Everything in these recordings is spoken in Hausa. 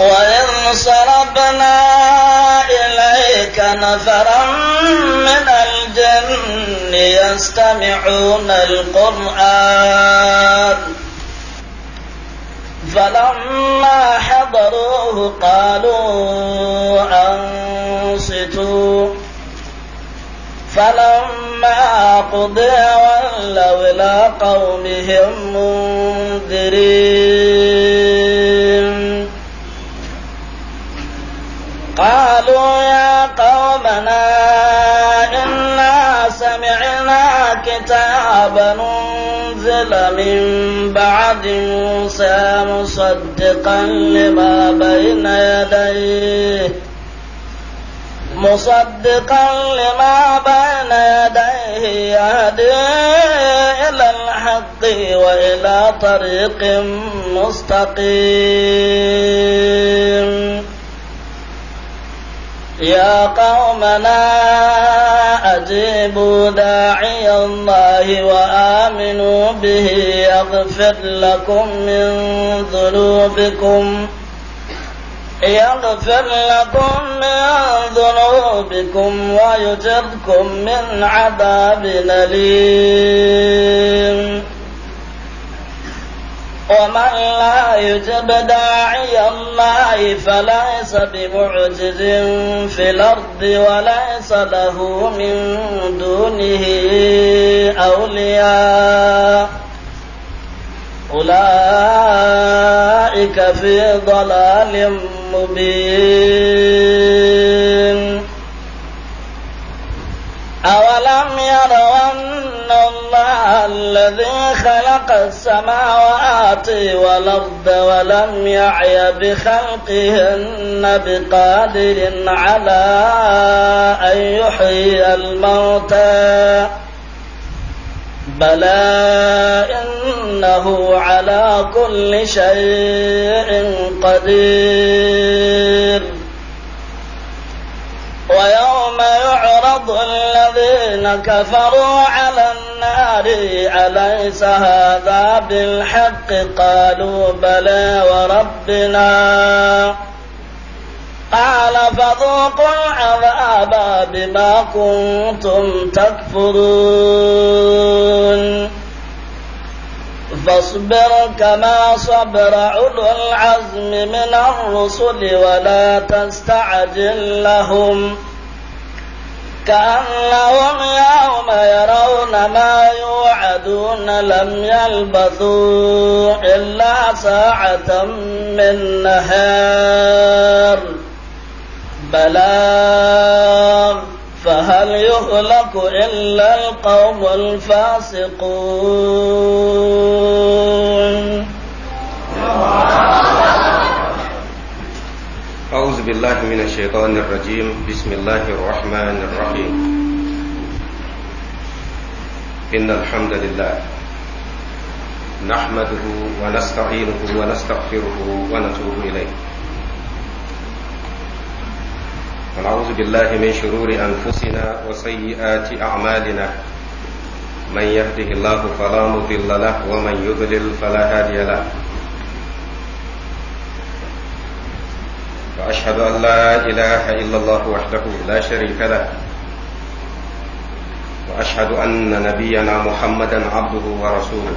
وإذ صرفنا إليك نفرا من الجن يستمعون القرآن فلما حضروه قالوا أنصتوا فلما قضي ولوا إلى قومهم منذرين قالوا يا قومنا إنا سمعنا كتابا أنزل من بعد موسى مصدقا لما بين يديه مصدقا لما بين يديه يهدي إلى الحق وإلى طريق مستقيم يا قومنا أجيبوا داعي الله وآمنوا به يغفر لكم من ذنوبكم يغفر لكم من ذنوبكم ويجركم من عذاب أليم ومن لا يجب داعي الله فليس بمعجز في الأرض وليس له من دونه أولياء أولئك في ضلال مبين أَوَلَمْ يَرَوْا أَنَّ اللَّهَ الَّذِي خَلَقَ السَّمَاوَاتِ وَالْأَرْضَ وَلَمْ يَعْيَ بِخَلْقِهِنَّ بِقَادِرٍ عَلَىٰ أَن يُحْيِيَ الْمَوْتَىٰ بَلَىٰ إِنَّهُ عَلَىٰ كُلِّ شَيْءٍ قَدِيرٌ ويوم يعرض الذين كفروا على النار أليس هذا بالحق قالوا بلى وربنا قال فذوقوا العذاب بما كنتم تكفرون فاصبر كما صبر أولو العزم من الرسل ولا تستعجل لهم كأنهم يوم يرون ما يوعدون لم يلبثوا إلا ساعة من نهار بلاء فهل يهلك إلا القوم الفاسقون أعوذ بالله من الشيطان الرجيم بسم الله الرحمن الرحيم إن الحمد لله نحمده ونستعينه ونستغفره ونتوب إليه ونعوذ بالله من شرور أنفسنا وسيئات أعمالنا من يهده الله فلا مضل له ومن يضلل فلا هادي له وأشهد أن لا إله إلا الله وحده لا شريك له وأشهد أن نبينا محمدا عبده ورسوله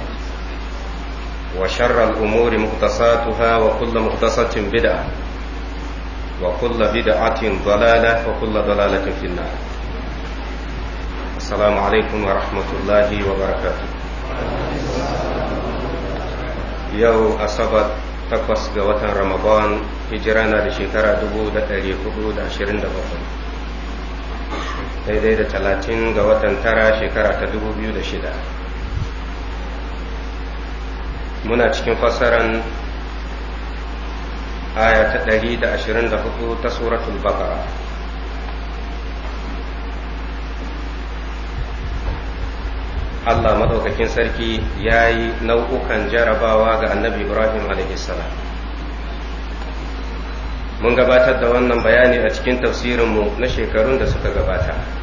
وشر الأمور مقتصاتها وكل مقتصة بدعة وكل بدعة ضلالة وكل ضلالة في النار السلام عليكم ورحمة الله وبركاته يو أصبت تقص قوة رمضان هجرانا لشكرة دبودة لحدود عشرين دبودة daidai da talatin ga watan tara shekara ta dubu muna cikin fassaran aya ta 124 ta suratul baqara Allah maɗaukakin sarki ya yi nau'ukan jarabawa ga annabi Ibrahim salam mun gabatar da wannan bayani a cikin tafsirinmu na shekarun da suka gabata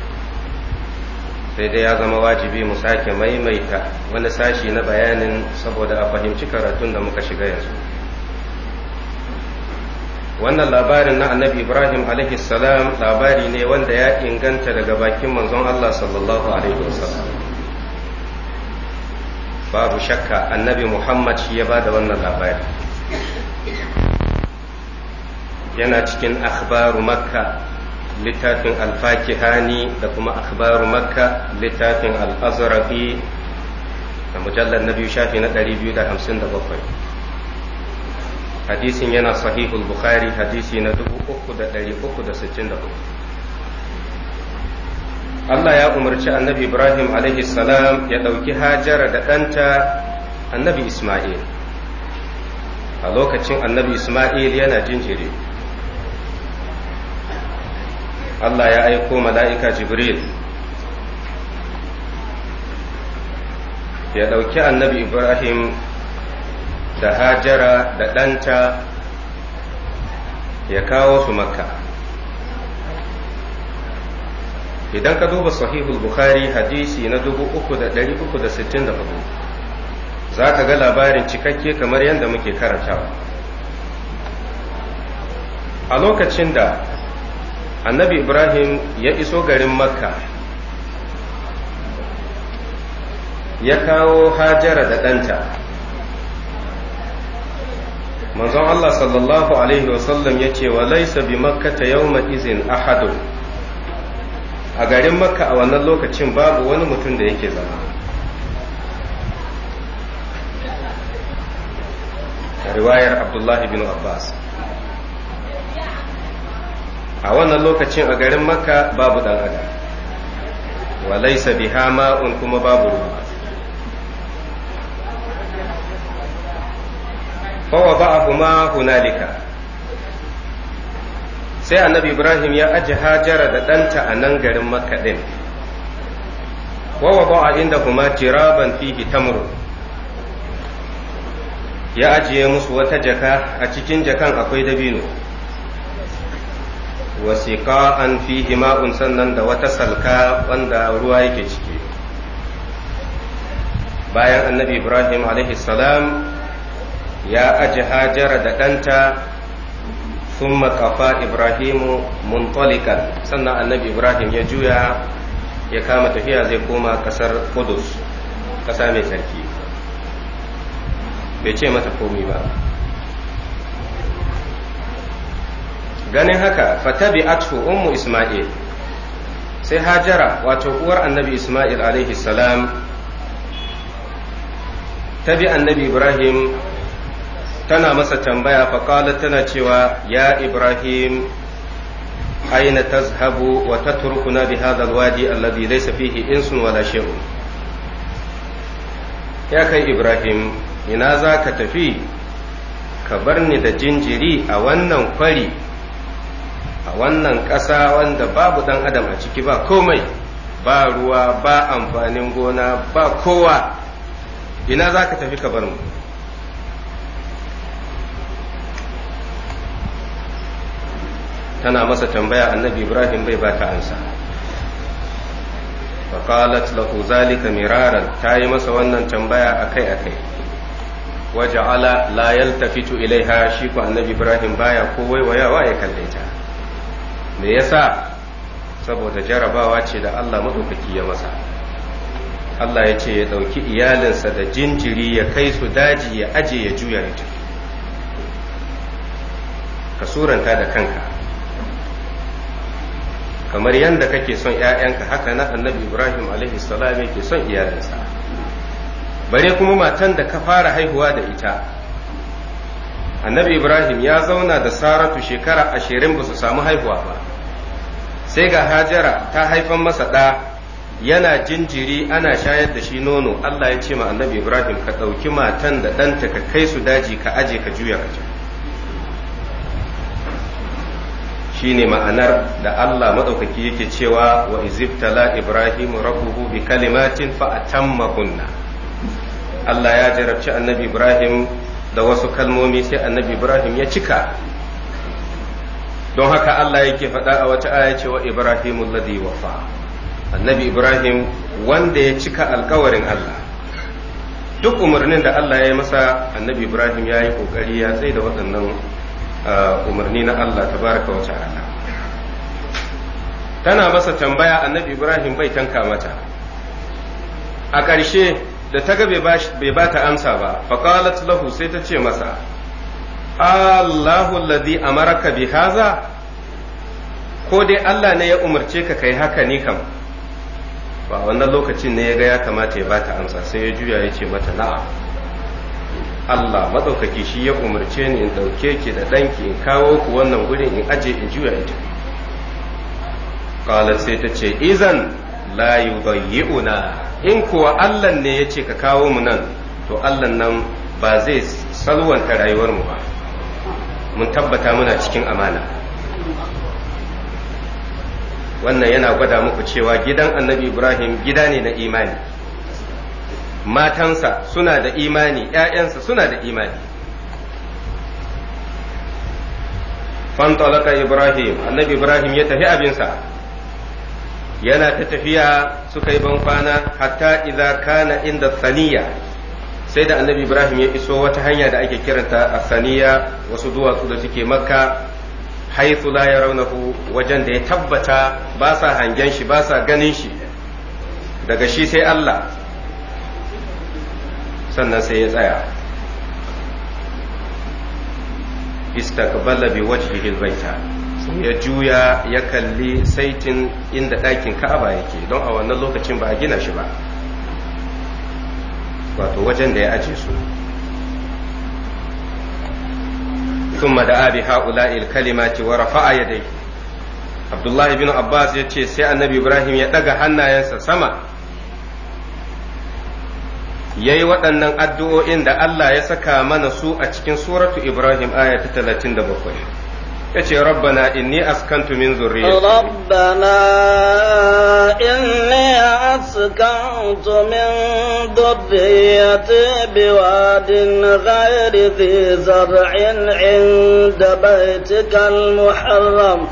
sai dai ya zama wajibi mu sake maimaita wani sashi na bayanin saboda a fahimci karatun da muka shiga yanzu wannan labarin na annabi ibrahim salam labari ne wanda ya inganta daga bakin manzon allah sallallahu alaihi wasallam babu shakka annabi muhammad shi ya ba da wannan labari yana cikin akhbaru makka littafin alfakihani da kuma akhbaru makka littafin al'azrafi da mujallar na biyu shafi na 257 hadisin yana sahihul bukhari hadisi na 3364 Allah ya umarci annabi Ibrahim salam ya ɗauki hajara da ɗanta annabi Ismail a lokacin annabi Ismail yana jinjiri Allah ya aiko mala'ika Jibril ya ɗauki annabi Ibrahim da Hajara da ɗanta ya kawo su makka idan ka duba sahihul bukhari hadisi na 3,364 za ka ga labarin cikakke kamar yadda muke karatawa. a lokacin da annabi ibrahim ya iso garin makka ya kawo hajara da ɗanta manzon allah sallallahu alaihi wasallam ya ce wa laisa bi makkata yawma izin ahadu a garin makka a wannan lokacin babu wani mutum da yake zama riwayar abdullahi bin abbas a wannan lokacin a garin makka babu dan adam wa laisa biha ma'un kuma babu ruwa fawa ma hunalika sai annabi ibrahim ya aji hajara da ɗanta a nan garin makka ɗin wawa ba'a inda kuma jiraban fihi tamru ya ajiye musu wata jaka a cikin jakan akwai dabino wasiƙa an fi ma'un sannan da wata salka wanda ruwa yake ciki bayan annabi ibrahim salam ya aji hajara da ɗanta sun makafa ibrahimu muntalikan sannan annabi ibrahim ya juya ya kama tafiya zai koma ƙasar kudus ƙasa mai sarki bai ce mata komi ba ganin haka fatabi'athu ummu isma'il sai hajara wato uwar annabi isma'il alaihi salam ta annabi ibrahim tana masa tambaya faƙala tana cewa ya ibrahim aina tazhabu wa tatrukuna bi hadha alwadi alladhi laysa fihi insun wala shay'un ya kai ibrahim ina za ka tafi ka bar ni da jinjiri a wannan kwari a wannan ƙasa wanda babu ɗan adam a ciki ba komai ba ruwa ba amfanin gona ba kowa ina za ka tafi ka bar mu tana masa tambaya annabi ibrahim bai ba ta ansa فقالت له ذلك مرارا تاي masa wannan tambaya akai akai waja'ala la yaltafitu ilaiha shi ko annabi ibrahim baya ko waiwayawa ya kalle me yasa saboda jarabawa ce da Allah maɗaukaki ya masa Allah ya ce ya ɗauki iyalinsa da jinjiri ya kai su daji ya aje ya juya da ka suranta da kanka kamar yadda kake son ‘ya'yanka haka na annabi ibrahim alaihi salam yake son iyalinsa bare kuma matan da ka fara haihuwa da ita annabi ibrahim ya zauna da saratu shekara ashirin ba su samu haihuwa ba sai ga hajara ta haifan masa ɗa yana jinjiri ana shayar da shi nono Allah ya ce ma annabi Ibrahim ka ɗauki matan da ɗanta ka kai su daji ka aje ka juya ka Shi shine ma'anar da Allah maɗaukaki yake cewa wa izibtala Ibrahim rabbuhu bi kalimatin fa atammahunna Allah ya jarabci annabi Ibrahim da wasu kalmomi sai annabi Ibrahim ya cika don haka Allah yake faɗa a wata aya wa Ibrahim alladhi wafa annabi Ibrahim wanda ya cika alkawarin Allah duk umarnin da Allah ya yi masa annabi Ibrahim ya yi kokari ya tsaye da waɗannan umarni na Allah tabaraka wa ta'ala tana masa tambaya annabi Ibrahim bai tanka mata a ƙarshe da ta ga bai ba ta amsa ba faqalat lahu sai ta ce masa Allahu ladhi amaraka bi haza ko dai Allah ne ya umarce ka kai haka ni kam ba wannan lokacin ne ya ga ya kamata ya bata amsa sai ya juya ya ce mata na'am Allah madaukaki shi ya umarce ni in dauke ki da danki in kawo ku wannan gurin in aje in juya ita kala sai ta ce izan la yudayyi'una in kuwa Allah ne ya ce ka kawo mu nan to Allah nan ba zai salwanta rayuwar mu ba mun tabbata muna cikin amana wannan yana gwada muku cewa gidan annabi ibrahim gida ne na imani matansa suna da imani ‘ya'yansa suna da imani fantalaka ibrahim annabi ibrahim ya tafi abinsa yana ta tafiya suka yi bankwana hatta idza kana inda saniya sai da annabi ibrahim ya iso wata hanya da ake kiranta asaniya wasu duwatsu da suke makka haithu la yarawnahu wajen da ya tabbata ba sa hangen shi ba sa ganin shi daga shi sai Allah sannan sai ya tsaya istaqbala bi wajhihi albayta ya juya ya kalli saitin inda ɗakin ka'aba yake don a wannan lokacin ba a gina shi ba wato wajen da ya aje su kalima دعا بهؤلاء الكلمات ya يديه Abdullahi bin بن ya ce sai annabi Ibrahim ya daga hannayensa sama yayi waɗannan addu'o'in da Allah ya saka mana su a cikin suratu Ibrahim aya ta 37 yace rabbana inni askantu min zurriyyati rabbana inni askantu min dhurriyyati biwadin ghairi zar'in 'inda baytikal muharram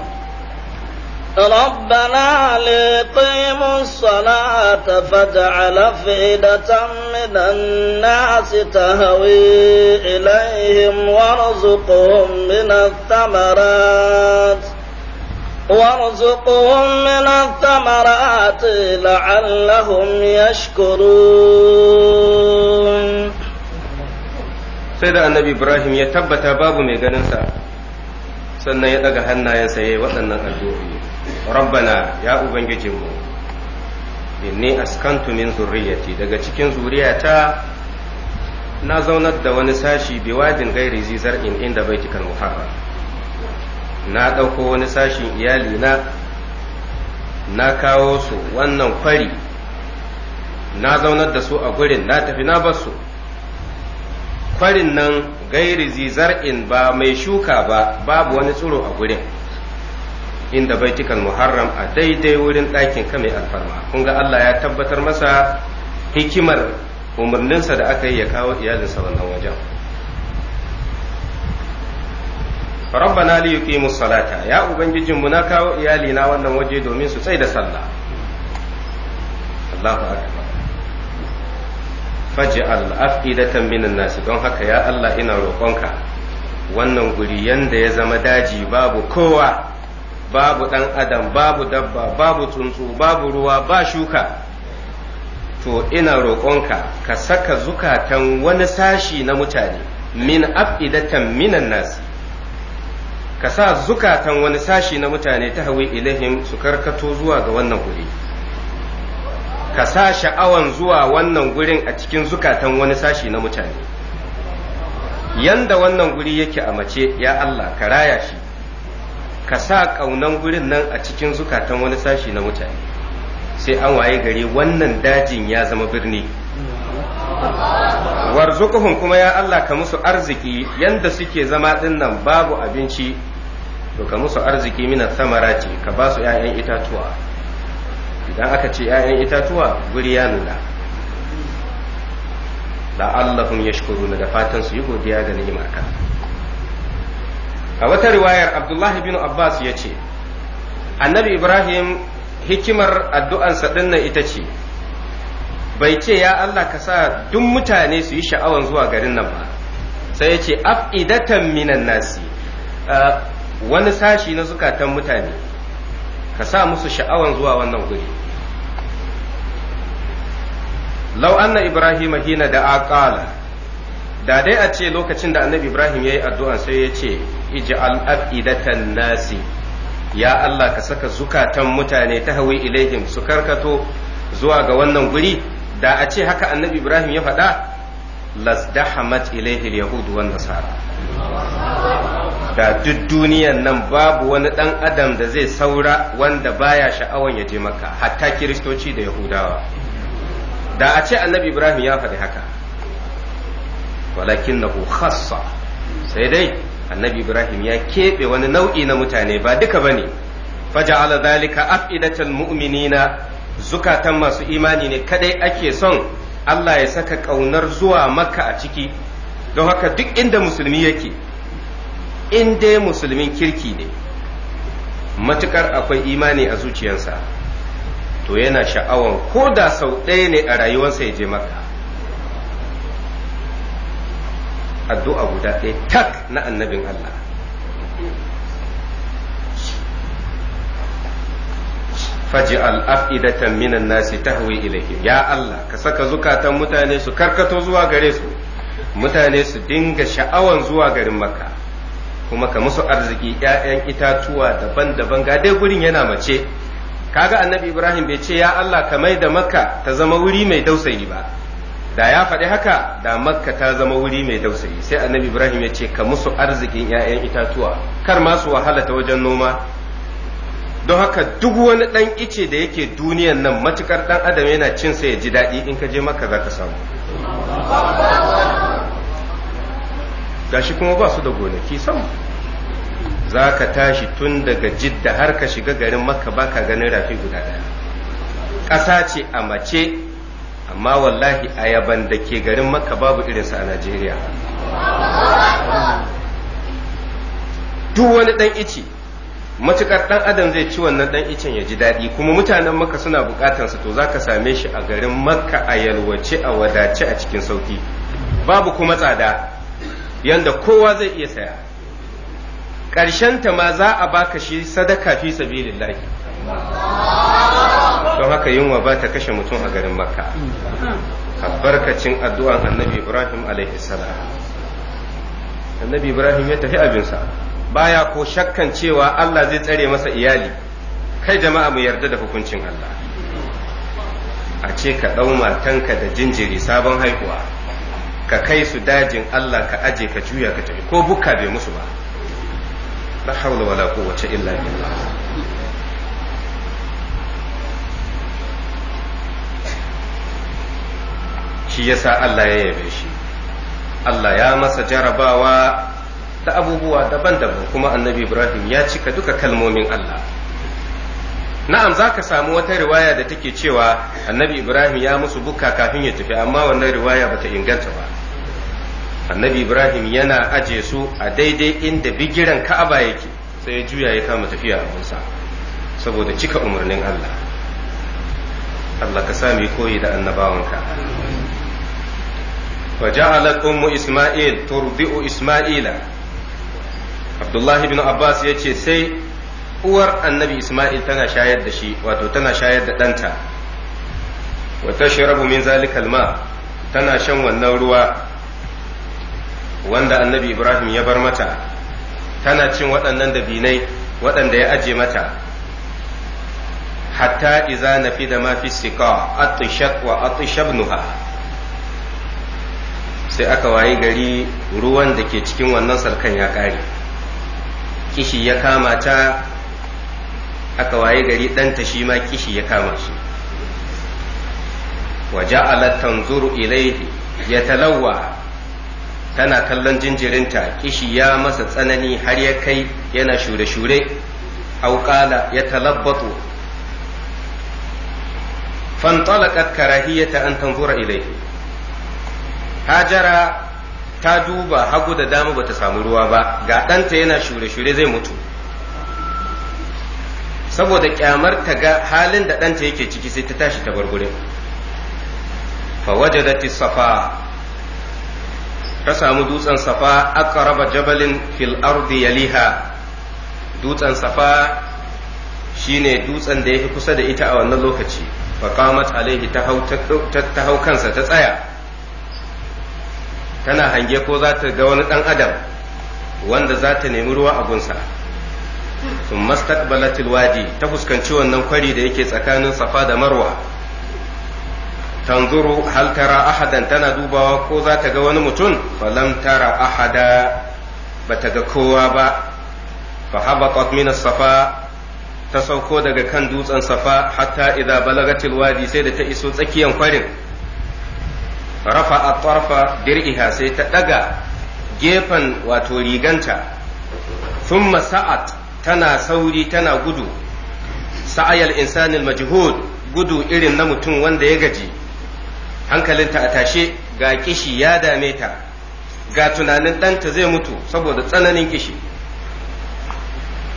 ربنا ليقيموا الصلاة فاجعل فئدة من الناس تهوي إليهم وارزقهم من الثمرات وارزقهم من الثمرات لعلهم يشكرون سيدنا النبي إبراهيم يتبت باب ميغانسا سنة ya ɗaga hannayensa ya yi rabbana ya ubangijinmu inni askantu min zurriyati daga cikin zuriyata na zaunar da wani sashi biwadin gairi zizar in inda kan muharram na ɗauko wani sashin iyali na na kawo su wannan kwari na zaunar da su a gurin na tafi na basu kwarin nan gairi in ba mai shuka ba babu wani tsiro a gurin inda baitikal muharram a daidai wurin ɗakin ka mai alfarma kun ga Allah ya tabbatar masa hikimar umarninsa da aka yi ya kawo iyalinsa wannan wajen rabbana li yuqimu salata ya ubangijin mu na kawo iyali na wannan waje domin su tsaye da sallah Allahu akbar faj'al afidatan minan nasi don haka ya Allah ina roƙonka wannan guri yanda ya zama daji babu kowa babu ɗan adam babu dabba babu tsuntsu babu ruwa ba shuka to ina roƙonka ka saka zukatan wani sashi na mutane min afidatan minan nasi ka sa zukatan wani sashi na mutane ta hawi ilahim su karkato zuwa ga wannan guri ka sa sha'awan zuwa wannan gurin a cikin zukatan wani sashi na mutane yanda wannan guri yake a mace ya Allah ka raya shi ka sa ƙaunan gurin nan a cikin zukatan wani sashi na mutane sai an waye gari wannan dajin ya zama birni warzuquhum kuma ya Allah ka musu arziki yanda suke zama ɗinnan babu abinci to ka musu arziki minan samarati ka ba su 'ya'yan itatuwa idan aka ce 'ya'yan itatuwa guri ya nuna la'allahum yashkuruna da fatan su yi godiya ga ni'imar ka a wata riwayar abdullahi bin abbas ya ce annabi ibrahim hikimar addu'ansa nan ita ce bai ce ya allah ka sa duk mutane su yi sha'awan zuwa garin nan ba sai ya ce af'idatan minan nasi wani sashi na zukatan mutane ka sa musu sha'awan zuwa wannan guri lau anna ibrahim hina da aqala da dai a ce lokacin da annabi ibrahim ya yi addu'a sai ya ce ij'al af'idatan nasi ya allah ka saka zukatan mutane ta hawi ilaihim su karkato zuwa ga wannan guri da a ce haka annabi ibrahim ya faɗa hamad ilaihil yahudu wanda nasara da duk duniyan nan babu wani ɗan adam da zai saura wanda baya sha'awan ya je maka hatta kiristoci da yahudawa da a ce annabi ibrahim ya faɗi haka walakinahu khassa sai dai annabi ibrahim ya keɓe wani nau'i na mutane ba duka bane faja'ala dhalika af'idatal mu'minina zukatan masu imani ne kadai ake son Allah ya saka kaunar zuwa makka a ciki don haka duk inda musulmi yake in dai musulmin kirki ne matukar akwai imani a zuciyarsa to yana sha'awan ko da sau ɗaya ne a rayuwarsa ya je makka addu'a guda ɗaya tak na annabin Allah faj'al af'idatan minan nasi tahwi ilayhim ya Allah ka saka zukatan mutane su karkato zuwa gare su mutane su dinga sha'awan zuwa garin makka kuma ka musu arziki ‘ya'yan itatuwa daban-daban ga dai gurin yana mace kaga annabi ibrahim bai ce ya Allah ka mai da makka ta zama wuri mai dausayi ba da ya faɗi haka da makka ta zama wuri mai dausayi sai annabi ibrahim ya ce ka musu arzikin 'ya'yan itatuwa kar ma su wahala ta wajen noma don haka duk wani ɗan ice da yake duniyan nan matukar ɗan adam yana cin sa ya ji daɗi in ka je makka za ka samu gashi kuma ba su da gonaki sam za ka tashi tun daga jidda har ka shiga garin makka baka ganin rafi guda ɗaya ƙasa ce a mace amma wallahi ayaban da ke garin maka babu irinsa a najeriya duk wani dan ice matukar dan adam zai ci wannan dan icen ya ji daɗi kuma mutanen maka suna bukatansa to zaka same shi a garin makka a yalwace a wadace a cikin sauki babu kuma tsada yanda kowa zai iya saya ƙarshen ta ma za a baka shi sadaka fi sabilillahi don haka yunwa ba ta kashe mutum a garin makka albarkacin addu'an annabi ibrahim alaihi salam annabi ibrahim ya tafi abinsa baya ko shakkan cewa allah zai tsare masa iyali kai jama'a mu yarda da hukuncin allah a ce ka ɗau matanka da jinjiri sabon haihuwa ka kai su dajin allah ka aje ka juya ka tafi ko bukka bai musu ba la haula wala quwwata illa billah shi yasa Allah ya yabe shi Allah ya masa jarabawa ta abubuwa daban-daban kuma annabi Ibrahim ya cika duka kalmomin Allah na'am za ka samu wata riwaya da take cewa annabi Ibrahim ya musu buka kafin ya tafi amma wannan riwaya bata inganta ba annabi Ibrahim yana aje su a daidai inda bigiran Ka'aba yake sai ya juya ya kama tafiya a abunsa saboda cika umarnin Allah Allah ka sami koyi da annabawanka فجعلت أم إسماعيل ترضئ إسماعيل عبد الله بن عباس يتي سي uwar annabi Ismail tana shayar da shi wato tana shayar da ɗanta wata tashrabu min zalikal ma tana shan wannan ruwa wanda annabi Ibrahim ya bar mata tana cin waɗannan dabinai waɗanda ya aje mata hatta iza nafi da ma fi siqa atishat wa atishab sai aka wayi gari ruwan da ke cikin wannan sarkan ya ƙare kishi ya kama ta aka wayi gari ɗanta shi ma kishi ya kama shi wa ja'alat tanzuru ilaihi ya talawwa tana kallon jinjirinta kishi ya masa tsanani har ya kai yana shure-shure auƙala ya talabbatu fantalaqat karahiyata an tanzura ilaihi hajara ta duba hagu da dama bata samu ruwa ba ga ɗanta yana shure-shure zai mutu saboda kyamar ta ga halin da ɗanta yake ciki sai ta tashi ta gurin fawajadati safa ta samu dutsen safa aka raba jabalin fil ardi yaliha dutsen safa shine dutsen da ya kusa da ita a wannan lokaci faqamat alaihi ta hau kansa ta tsaya tana hange ko za ta ga wani ɗan adam wanda za ta nemi ruwa a gunsa sun mastaqbalatil wadi ta fuskanci wannan kwari da yake tsakanin safa da marwa tanzuru hal tara ahadan tana dubawa ko za ta ga wani mutum falam tara ahada ta ga kowa ba fa habaqat min safa ta sauko daga kan dutsen safa hatta idza balagatil wadi sai da ta iso tsakiyar kwarin rafa a tsarfa dir'iha sai ta ɗaga gefen wato riganta sun sa'at tana sauri tana gudu sa'ayal insanil majhud gudu irin na mutum wanda ya gaji hankalinta a tashe ga kishi ya dame ta ga tunanin ɗanta zai mutu saboda tsananin kishi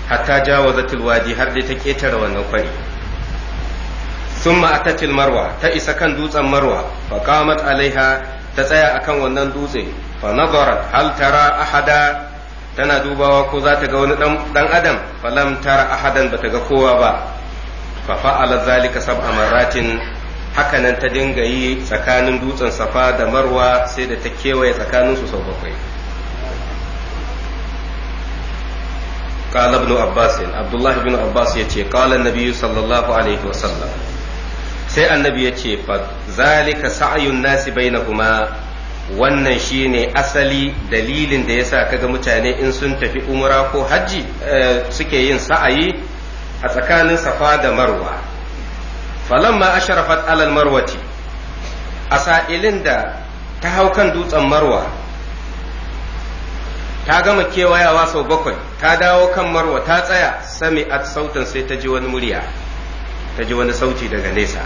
hatta jawo wadi har dai ta ƙetare wannan kwari summa atatil marwa ta isa kan dutsen marwa fa qamat alaiha ta tsaya akan wannan dutse fa nazarat hal tara ahada tana dubawa ko zata ga wani dan adam falam tara ahadan bata ga kowa ba fa fa'ala zalika sab'a marratin hakanan ta dinga yi tsakanin dutsen safa da marwa sai da ta kewaye tsakanin su sau bakwai قال ابن عباس عبد الله بن عباس يتي قال النبي sai annabi ya ce fa zalika sa'ayun nasi kuma wannan shine asali dalilin da yasa kaga mutane in sun tafi umra ko hajji eh, suke yin sa'ayi a tsakanin safa da marwa falamma asharafat alal marwati a sa'ilin da ta hau kan dutsen marwa ta gama kewayawa sau bakwai ta dawo kan marwa ta tsaya sami sautan sai ta ji wani murya ta ji wani sauti daga nesa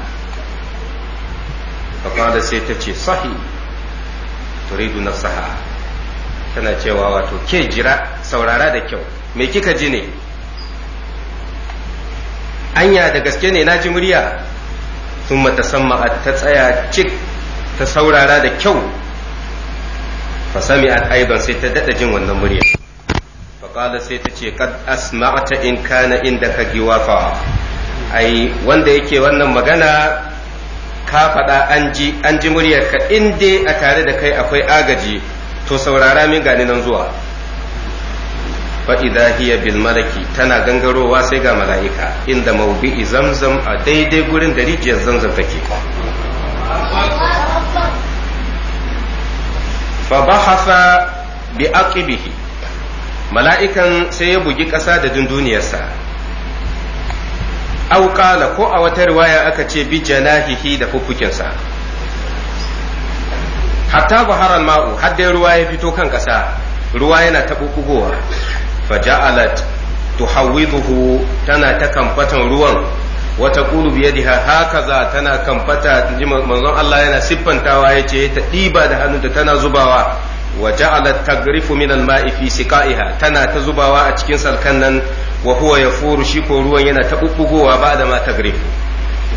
faƙada sai ta ce sahi turidu saha. tana cewa wato ke jira saurara da kyau me kika ji ne anya da gaske ne na ji murya sun matasamma ta tsaya cik ta saurara da kyau fasami a aiban sai ta daɗa jin wannan murya faƙada sai ta ce kad asma'ata in kana inda ka giwa fa. ai wanda yake wannan magana ka faɗa an ji an ji muryarka in dai a tare da kai akwai agaji to saurara min gani nan zuwa fa'iza hiya bil malaki tana gangarowa sai ga mala'ika inda maubi'i zamzam a daidai gurin da rijiyar zamzam take fa bahasa bi aqibihi mala'ikan sai ya bugi ƙasa da dunduniyarsa aw qala ko a wata riwaya aka ce bi janahihi da fuffukinsa hatta baharan ma'u har dai ruwa ya fito kan ƙasa ruwa yana ta fa ja'alat tuhawwiduhu tana ta kamfatan ruwan wa taqulu bi yadiha hakaza tana kamfata inji manzon Allah yana siffantawa yace ta diba da hannunta tana zubawa wa ja'alat tagrifu min al-ma'i fi siqaiha tana ta zubawa a cikin salkan nan wa ya yafuru shi ko ruwan yana ta bubbugowa ba da ma tagrib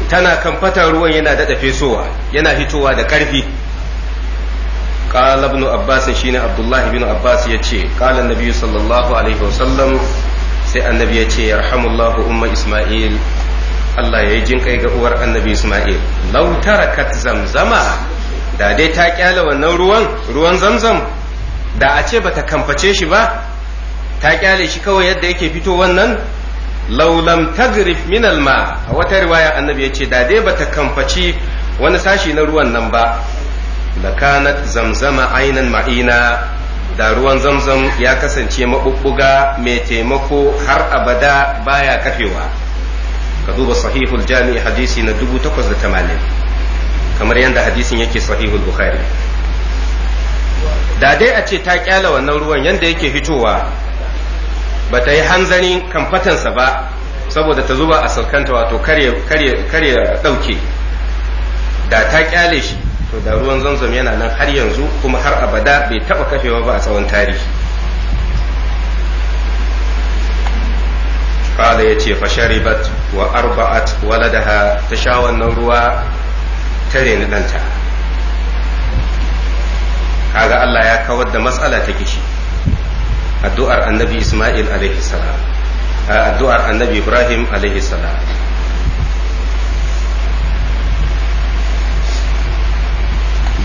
tana kamfata ruwan yana daɗa fesowa yana fitowa da ƙarfi qala ibn abbas shi ne abdullahi ibn abbas yace qala nabi sallallahu alaihi wasallam sai annabi yace yarhamullahu umma isma'il Allah ya yi jin kai ga uwar annabi Ismail lau tarakat zamzama da dai ta kyale wannan ruwan ruwan zamzam da a ce bata kamface shi ba ta kyale shi kawai yadda yake fito wannan laulam tagrif min alma a wata riwaya annabi ya ce da dai bata kamfaci wani sashi na ruwan nan ba da kanat zamzama ainan ma'ina da ruwan zamzam ya kasance mabubbuga mai taimako har abada baya kafewa ka duba sahihul jami'i hadisi na 1880 kamar yadda hadisin yake sahihul bukhari da dai a ce ta kyala wannan ruwan yadda yake fitowa ba ta yi hanzarin kamfatansa ba saboda ta zuba a sarkanta wato karye ɗauke da ta kyale shi to da ruwan zanzam yana nan har yanzu kuma har abada bai taɓa kafewa ba a tsawon tarihi kala ya ce fasharibat wa arba'at waladaha ta sha wannan ruwa ta reni ɗanta kaga Allah ya kawar da matsala ta kishi addu'ar annabi Ismail alaihi salam addu'ar annabi Ibrahim alaihi salam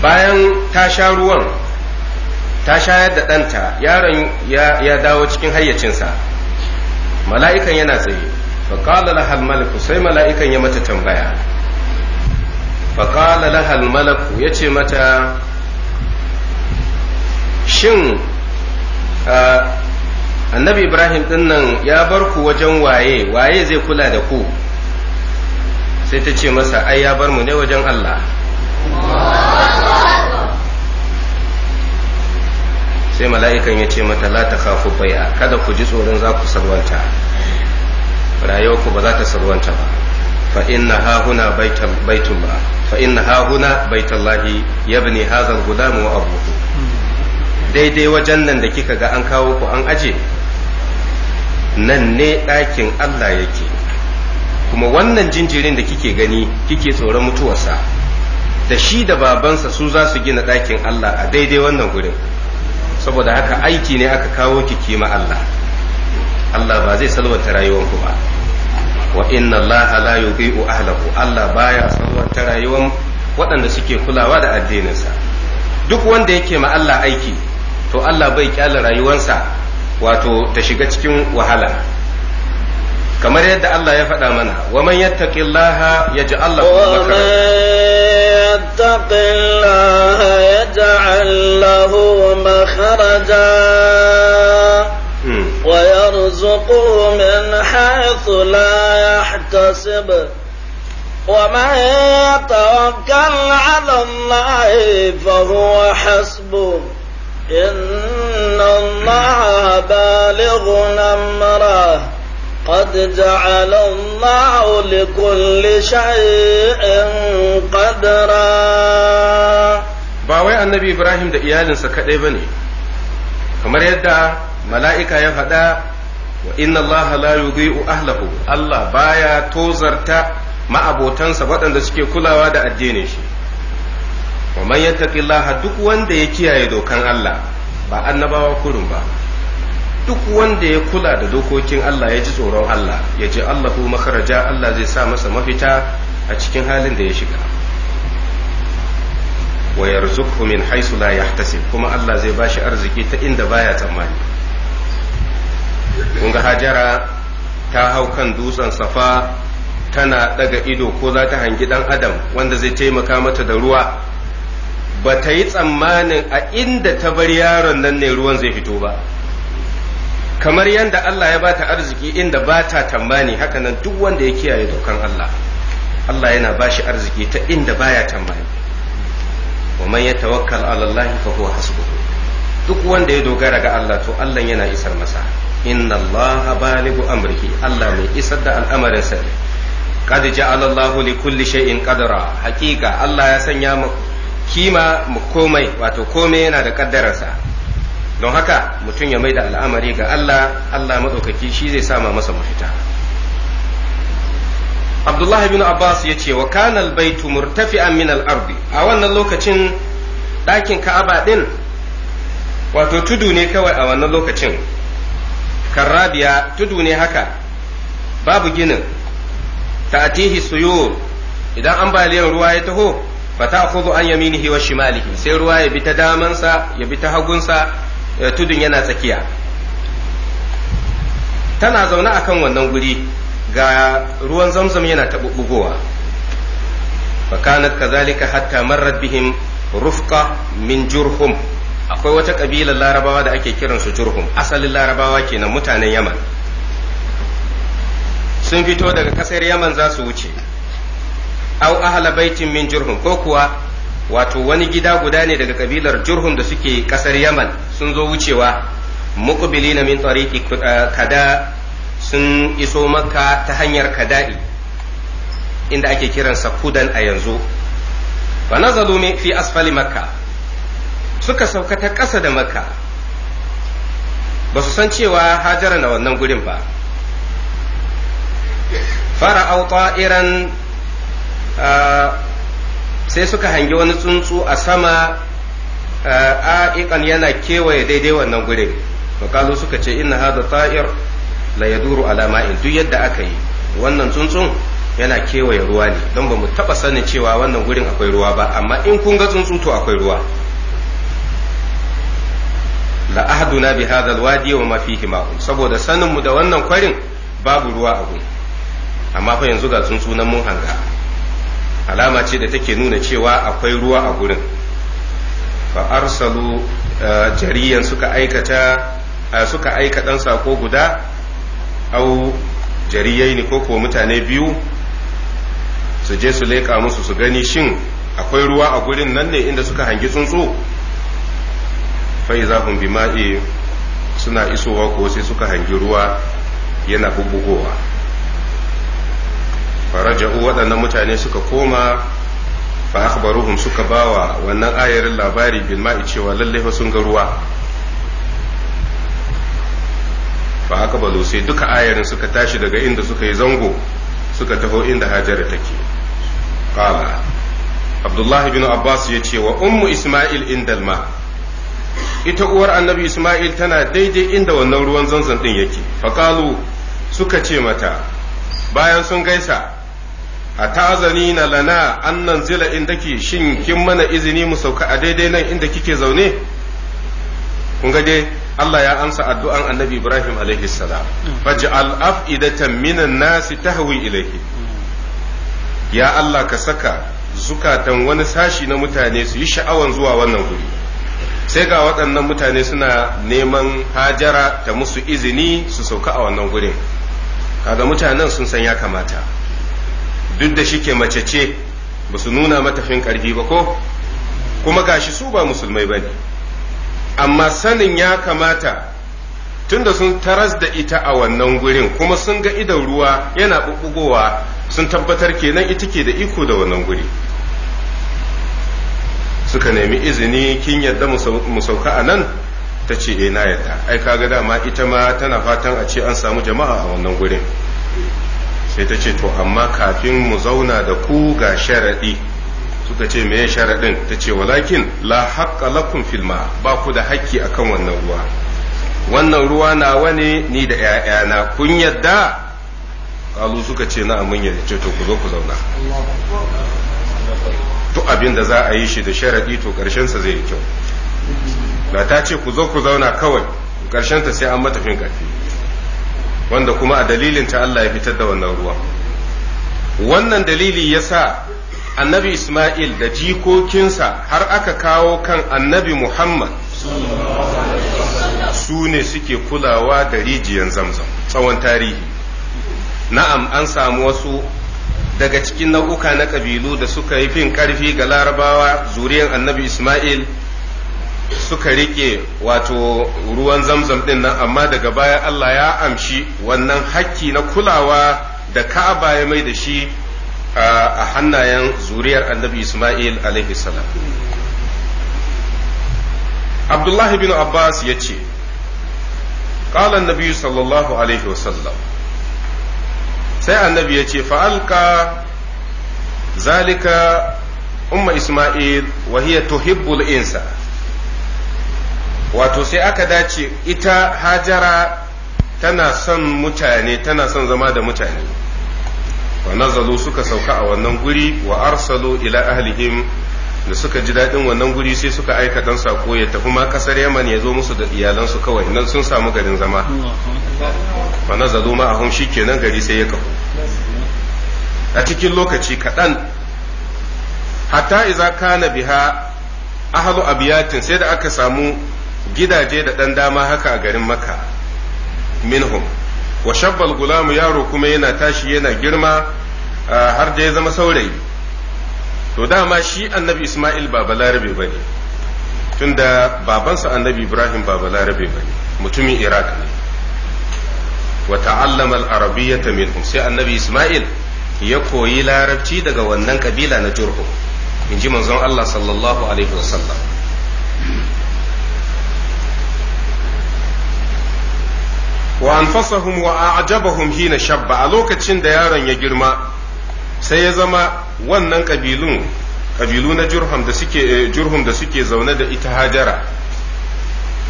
bayan ta sha ruwan ta shayar da ɗanta yaron ya dawo cikin hayyacinsa mala'ikan yana tsaye faƙala lahal malaku sai mala'ikan ya mata tambaya faƙala lahal malaku ya ce mata shin annabi ibrahim din nan ya bar ku wajen waye waye zai kula da ku sai ta ce masa ai ya bar mu ne wajen allah sai mala'ikan ya ce mata la ta kafu baya kada ku ji tsoron za ku sarwanta rayuwarku ba za ta sarwanta ba fa baitun ba fa'in fa inna hahuna baitullahi yabni hazar guda ghulam wa abuhu daidai wajen nan da kika ga an kawo ku an aje nan ne ɗakin Allah yake kuma wannan jinjirin da kike gani kike tsoron mutuwarsa da shi da babansa su za su gina ɗakin Allah a daidai wannan gurin saboda haka aiki ne aka kawo ki kima Allah Allah ba zai salwanta rayuwanku ba wa inna Allah la yudhi'u ahlahu Allah baya salwanta rayuwan waɗanda suke kulawa da addininsa duk wanda yake ma Allah aiki to Allah bai kyala rayuwarsa wato ta shiga cikin wahala kamar yadda Allah ya faɗa mana wa man yattaqillaha yaj'al lahu yattaqillaha yaj'al lahu makhraja ويرزقه من حيث لا يحتسب ومن يتوكل على الله فهو حسبه إِنَّ اللَّهَ بَالِغُ أَمْرِهِ ۚ قَدْ جَعَلَ اللَّهُ لِكُلِّ شَيْءٍ قَدْرًا ba wai annabi Ibrahim da iyalinsa kaɗai ba ne, kamar yadda mala'ika ya faɗa wa inna Allah la yudhi'u ahlahu Allah baya tozarta ma'abotansa waɗanda suke kulawa da addinin shi. wa man yattaqillaha duk wanda ya kiyaye dokan Allah ba annabawa kurun ba duk wanda ya kula da dokokin Allah ya ji tsoron Allah ya ji Allahu makaraja Allah zai sa masa mafita a cikin halin da ya shiga wa yarzuqhu min haisu la yahtasib kuma Allah zai bashi arziki ta inda baya tsammani kun ga Hajara ta hau kan dutsen Safa tana daga ido ko za ta hangi dan adam wanda zai taimaka mata da ruwa ba ta yi tsammanin a inda ta bar yaron nan ne ruwan zai fito ba kamar yadda Allah ya bata arziki inda ba ta tambani haka nan duk wanda ya kiyaye dokan Allah Allah yana bashi arziki ta inda baya tambani wa man yatawakkal ala Allah fa huwa hasbuhu duk wanda ya dogara ga Allah to Allah yana isar masa inna Allah baligu amrihi Allah mai isar da al'amarin sa qad ja'ala Allah li kulli shay'in qadara hakika Allah ya sanya kima mu komai wato komai yana da kaddararsa don haka mutum ya mai da al'amari ga Allah Allah maɗaukaki shi zai sama masa mafita Abdullahi bin Abbas ya ce wa kanal baitu murtafi'an min al-ardi a wannan lokacin ɗakin Ka'aba din wato tudu ne kawai a wannan lokacin karrabiya tudu ne haka babu ginin tatihi suyur idan ambaliyar ruwa ya taho fata'khudhu an yaminihi wa shimalihi sai ruwa ya bi ta damansa ya bi ta hagunsa eh, tudun yana tsakiya tana zaune akan wannan guri ga ruwan zamzam yana ta bugowa fakanat kazalika hatta marrat bihim rufqa min jurhum akwai wata kabilar larabawa da ake kiransu jurhum asalin larabawa kenan mutanen yaman sun fito daga kasar yaman za su wuce au ahla baitin min jurhum ko kuwa wato wani gida guda ne daga kabilar jurhum da suke kasar yaman sun zo wucewa muqbilina min tariqi eh, kada sun iso makka ta hanyar kada'i inda ake sa kudan a yanzu fa nazalu fi asfali makka suka sauka ta ƙasa da makka ba su san cewa hajara na wannan gurin ba fara fara'au ta'iran Ah, sai suka hangi wani tsuntsu a sama ah, a'ikan yana kewaye daidai wannan gurin fakalu suka ce inna hada ta'ir la yaduru ala ma'in duk yadda aka yi wannan tsuntsun yana kewaye ruwa ne don ba mu taba sani cewa wannan gurin akwai ruwa ba amma in kun ga tsuntsu to akwai ruwa la ahduna bi hadha alwadi wa ma fihi ma'un saboda sanin mu da wannan kwarin babu ruwa a gun amma fa yanzu ga tsuntsu nan mun hanga alama ce da take nuna cewa akwai ruwa a gurin fa arsalu eh, jariyan suka aikata eh, suka aika dan sako guda au jariyai ne ko mutane biyu su je su leƙa musu su gani shin akwai ruwa a gurin nan ne inda suka hangi tsuntsu fa'iza hun bi suna isowa ko sai suka hangi ruwa yana bubbugowa faraja'u waɗannan mutane suka koma fa akhbaruhum suka bawa wannan ayarin labari bil ma'i cewa lalle fa sun ga ruwa fa aqbalu sai duka ayarin suka tashi daga inda suka yi zango suka taho inda hajara take qala abdullahi bin abbas ya ce wa ummu isma'il indal ma ita uwar annabi isma'il tana daidai inda wannan ruwan zanzan din yake faqalu suka ce mata bayan sun gaisa a tazani na lana an zila inda ke shin kin mana izini mu sauka a daidai nan inda kike zaune kun ga dai Allah ya amsa addu'an annabi Ibrahim alaihi salam faj'al af'idatan minan nasi tahwi ilayhi ya Allah ka saka zukatan wani sashi na mutane su yi sha'awan zuwa wannan guri sai ga waɗannan mutane suna neman hajara ta musu izini su sauka a wannan gurin kaga mutanen sun san ya kamata duk da shike mace ce ba su nuna mata fin karfi ba ko kuma gashi su ba musulmai ba ne amma sanin ya kamata tunda sun taras da ita a wannan gurin kuma sun ga idan ruwa yana bubbugowa sun tabbatar kenan ita ke da iko da wannan guri suka nemi izini kin yadda mu sauka a nan ta ce eh na yadda ai kaga dama ita ma tana fatan a ce an samu jama'a a wannan gurin sai ta ce to amma kafin mu zauna da ku ga sharaɗi suka ce meye sharaɗin ta ce walakin la haqqa lakum filma ba ku da hakki akan wannan ruwa wannan ruwa nawa ne ni da ‘ya'yana kun yadda kalu suka ce na amin yadda ce to ku zo ku zauna to abin da za a yi shi da sharaɗi to ƙarshensa zai yi kyau ta ce ku zo ku zauna kawai ƙarshenta sai an matafin ƙarfi wanda kuma a dalilin ta Allah ya fitar da wannan ruwa wannan dalili ya sa annabi Ismail da jikokinsa har aka kawo kan annabi Muhammad su ne suke kulawa da rijiyan zamzam tsawon tarihi na'am an samu wasu daga cikin nau'uka na kabilu da suka yi fin ƙarfi ga larabawa zuriyar annabi Ismail suka riƙe wato ruwan zamzam ɗin nan amma daga baya Allah ya amshi wannan hakki na kulawa da ka'aba ya mai da shi a hannayen zuriyar annabi Ismail alaihi salam. Abdullahi bin Abbas ya ce, قال النبي صلى الله عليه وسلم sai annabi ya ce fa'alka zalika umma isma'il wa hiya tuhibbul insa wato sai aka dace ita hajara tana son mutane tana son zama da mutane wa nazalu suka sauka a wannan guri wa arsalu ila ahlihim da suka ji daɗin wannan guri sai suka aika ɗan sako ya tafi ma ƙasar yaman ya zo musu da iyalansu kawai nan sun samu garin zama wa nazalu shi kenan gari sai ya kafu a cikin lokaci kaɗan hatta iza kana biha ahlu abiyatin sai da aka samu gidaje da ɗan dama haka a garin maka minhum wa shabbal gulamu yaro kuma yana tashi yana girma har da ya zama saurayi to dama shi annabi isma'il ba balarabe ba ne da babansa annabi ibrahim ba balarabe ba ne mutumin iraq ne wa ta'allama al-arabiyyata minhum sai annabi isma'il ya koyi larabci daga wannan kabila na jurhum in ji manzon allah sallallahu alaihi wa anfasahum wa a'jabahum hina shabba a lokacin da yaron ya girma sai ya zama wannan kabilun kabilu na jurhum da suke eh, jurhum da suke zaune da ita hajara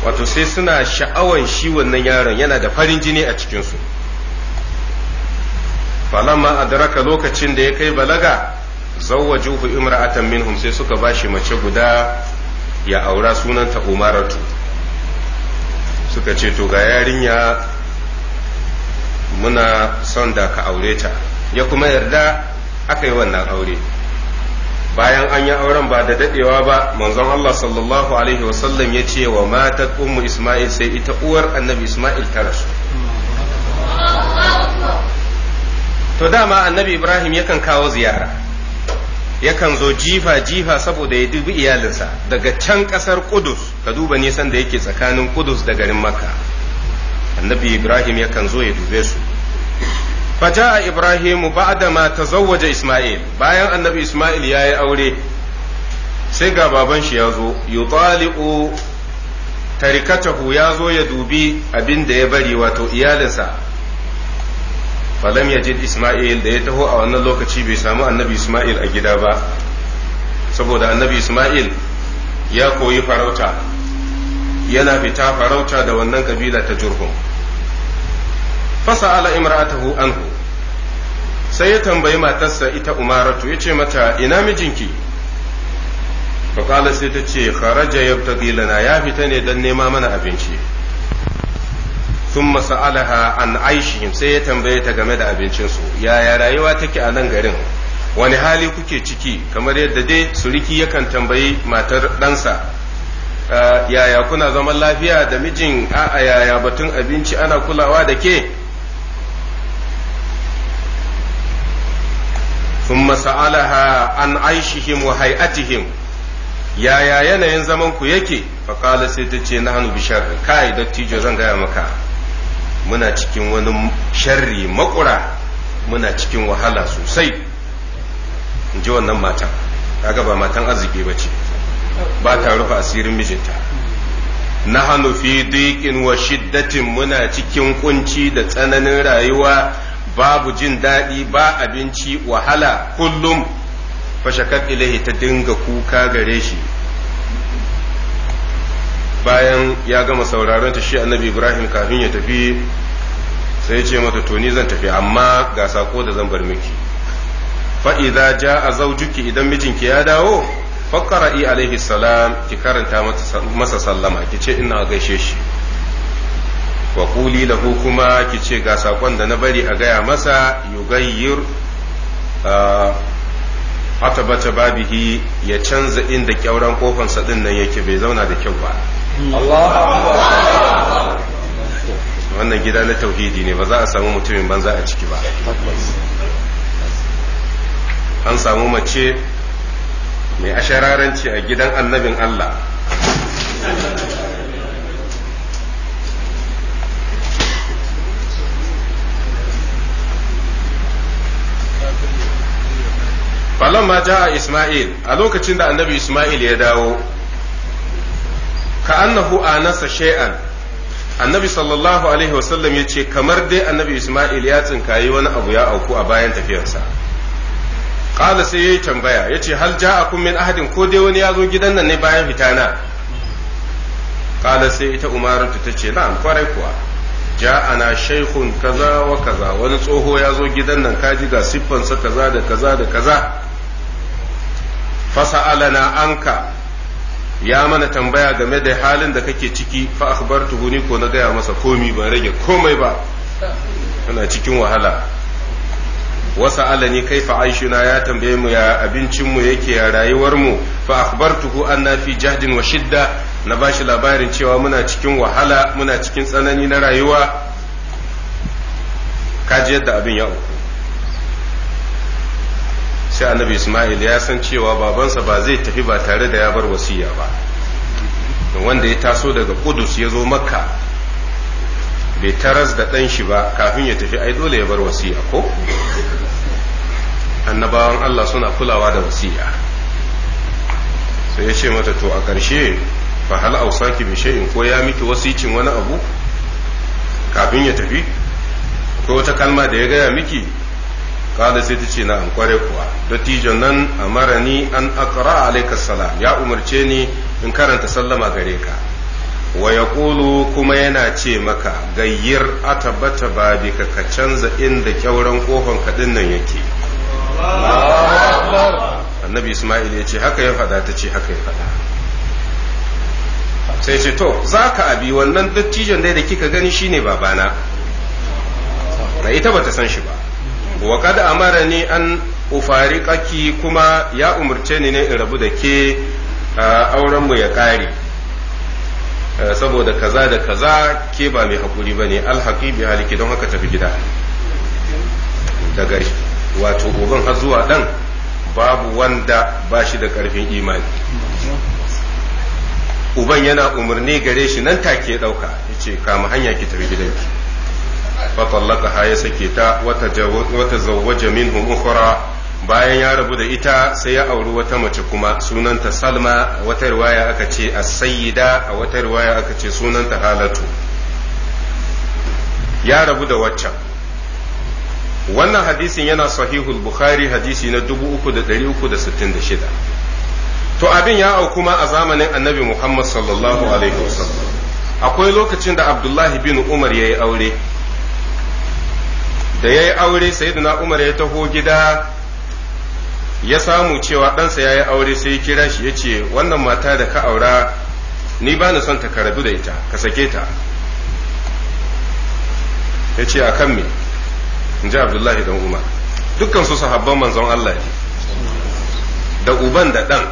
wato sai suna sha'awan shi wannan yaron yana da farin jini a cikinsu falamma adraka lokacin da ya kai balaga zawwajuhu imra'atan minhum sai suka bashi mace guda ya aura sunanta umaratu suka ce to ga yarinya muna son da ka aure ta ya kuma yarda aka yi wannan aure bayan an yi auren ba da dadewa ba manzon Allah sallallahu alaihi wasallam ya ce wa matar ummu Ismail sai ita uwar annabi Ismail ta rasu to dama annabi Ibrahim yakan kawo ziyara yakan zo jifa jifa saboda ya dubi iyalinsa daga can kasar Kudus ka duba nisan da yake tsakanin Kudus da garin Makka annabi ibrahim yakan zo ya dube su faja ibrahimu ba'da ma tazawwaja isma'il bayan annabi isma'il ya yi aure sai ga baban shi ya zo yutaliqu tarikatahu ya zo ya dubi abin da ya bari wato iyalinsa falam ya yajid isma'il da ya taho a wannan lokaci bai samu annabi isma'il a gida ba saboda annabi isma'il ya koyi farauta yana fita farauta da wannan kabila ta jurhum fasa'ala imra'atahu anhu sai ya tambayi matarsa ita umaratu ya ce mata ina mijinki faƙala sai ta ce kharaja yabtaghi lana ya fita ne don nema mana abinci thumma sa'alaha an aishihim sai ya tambaye ta game da abincinsu yaya rayuwa take a nan garin wani hali kuke ciki kamar yadda dai suriki yakan tambayi matar ɗansa yaya kuna zaman lafiya da mijin a'a yaya batun abinci ana kulawa da ke Sun سألها an aishihim wa hai'atihim Yaya yanayin zaman ku yake faƙala sai ta ce na hannu bishar kai dattijo zan gaya maka muna cikin wani sharri makura muna cikin wahala sosai in ji wannan matan kaga ba matan arziki ba ce ba ta rufe asirin mijinta Na hannu fi diqin wa shiddatin muna cikin kunci da tsananin rayuwa babu jin daɗi ba abinci wahala kullum fashakar ilahi ta dinga kuka gare shi bayan ya gama sauraron ta shi annabi ibrahim kafin ya tafi sai ce mata to ni zan tafi amma ga sako da zan bar miki fa'iza ja a zaujuki idan mijinki ya dawo faƙara'i alaihi salam ki karanta masa sallama ki ce ina gaishe shi wa kuli lahu kuma ki ce ga saƙon da na bari a gaya masa yugayyir hata bata babihi ya canza inda ƙyauren sa ɗinnan nan yake bai zauna da kyau ba wannan gida na tauhidi ne ba za a samu mutumin banza a ciki ba an samu mace mai ashararanci a gidan annabin Allah ma ja a Isma'il a lokacin da annabi Isma'il ya dawo ka annahu anasa she'an annabi sallallahu alaihi wasallam ya ce kamar dai annabi Isma'il ya tsinkayi wani abu ya auku a bayan tafiyarsa kala sai yayi tambaya yace hal ja'akum min ahadin ko dai wani ya zo gidan nan ne bayan fitana kala sai ita umaratu tace na'am kwarai kuwa ja'ana shaykhun kaza wa kaza wani tsoho ya zo gidan nan kaji ga sa kaza da kaza da kaza sa'alana anka ya mana tambaya game da halin da kake ciki fa akhbartuhu ni ko na gaya masa komi ba rage komai ba kana cikin wahala wasa alani kai fa aishuna ya tambaye mu ya abincinmu yake ya rayuwarmu fa akhbartuhu anna fi jahdin wa shidda na ba shi labarin cewa muna cikin wahala muna cikin tsanani na rayuwa kaji yadda abin ya uku sai annabi isma'il ya san cewa babansa ba zai tafi ba tare da ya bar wasiya ba wanda ya taso daga kudus ya zo makka bai taras da ɗan shi ba kafin ya tafi ai dole ya bar wasiya ko annabawan Allah suna kulawa da wasiya sai ya ce mata to a ƙarshe fa hal ausaki bi shay'in ko ya miki wasicin wani abu kafin ya tafi ko wata kalma da ya gaya miki kada sai ta ce na an kware kuwa dattijon nan ni an aqra alayka salam ya umarce ni in karanta sallama gare ka wa yaqulu kuma yana ce maka gayyir atabata babika ka canza inda kyauran kofan ka nan yake annabi ismail ya ce haka ya faɗa ta ce haka ya faɗa sai ce to za ka abi wannan dattijon dai da kika gani shine babana na ita bata san shi ba wa kad amara ni an ufari ufariqaki kuma ya umarce ni ne in rabu da ke auren mu ya ƙare saboda kaza da kaza ke ba mai hakuri bane alhaqi bi haliki don haka tafi gida da gari wato uban har zuwa ɗan babu wanda ba shi da karfin imani uban yana umarni gare shi nan take ɗauka ya ce kama hanya ki tafi gidanki fatallaka ya sake ta wata zawwaja minhum ukhra bayan ya rabu da ita sai ya auri wata mace kuma sunanta salma wata riwaya aka ce as-sayyida a wata riwaya aka ce sunanta halatu ya rabu da waccan wannan hadisin yana sahihul bukhari hadisi na 3366 to abin ya auku ma a zamanin annabi muhammad sallallahu alaihi wasallam akwai lokacin da abdullahi bin umar ya yi aure da ya yi aure sayyidina umar ya taho gida ya samu cewa ɗansa ya yi aure sai ya kira shi ya ce wannan mata da ka aura ni ba son ta karabu da ita ka sake ta ya ce a kan me in ji abdullahi dan umar dukkan su sahabban manzon Allah ne da uban da ɗan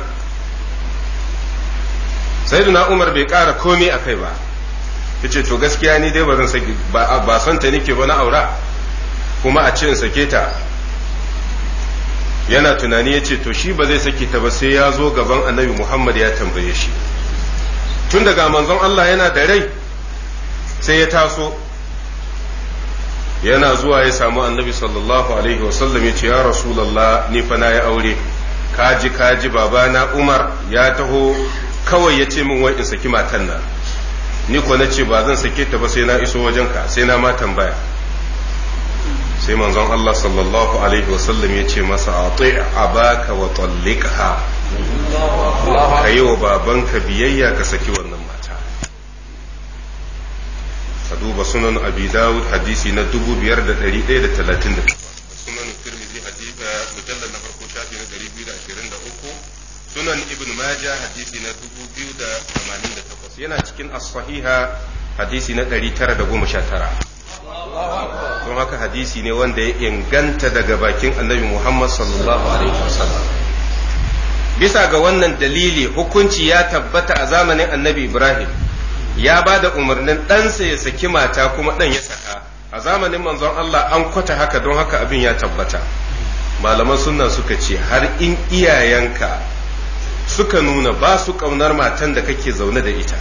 sayyiduna umar bai ƙara komai a kai ba yace to gaskiya ni dai ba zan saki ba son ta nike ba na aura kuma a ce in sake ta yana tunani yace to shi ba zai sake ta ba sai ya zo gaban annabi muhammad ya tambaye shi tun daga manzon allah yana da rai sai ya taso yana zuwa ya samu annabi sallallahu alaihi wasallam ya ce ya rasulallah ni fa na yi aure kaji kaji babana umar ya taho kawai ya ce min wai in saki matan nan ni ko na ce ba zan sake ta ba sai na iso ka sai na ma tambaya sai manzon Allah sallallahu alaihi wasallam ya ce masa a abaka wa talliqha kayi wa babanka biyayya ka saki wannan ka duba sunan abi hadisi na 5138 sunan tirmidhi hadisi eh, mujallal na farko shafi na 223 sunan ibn Maja hadisi na 2088 yana cikin as-sahiha hadisi na 919 don haka hadisi ne wanda ya inganta daga bakin annabi Muhammad sallallahu alaihi wasallam bisa ga wannan dalili hukunci ya tabbata a zamanin annabi Ibrahim ya ba da umarnin ɗansa ya saki mata kuma ɗan ya saka a zamanin manzon Allah an kwata haka don haka abin ya tabbata malaman sunna suka ce har in iyayenka suka nuna ba su ƙaunar matan da kake zaune da ita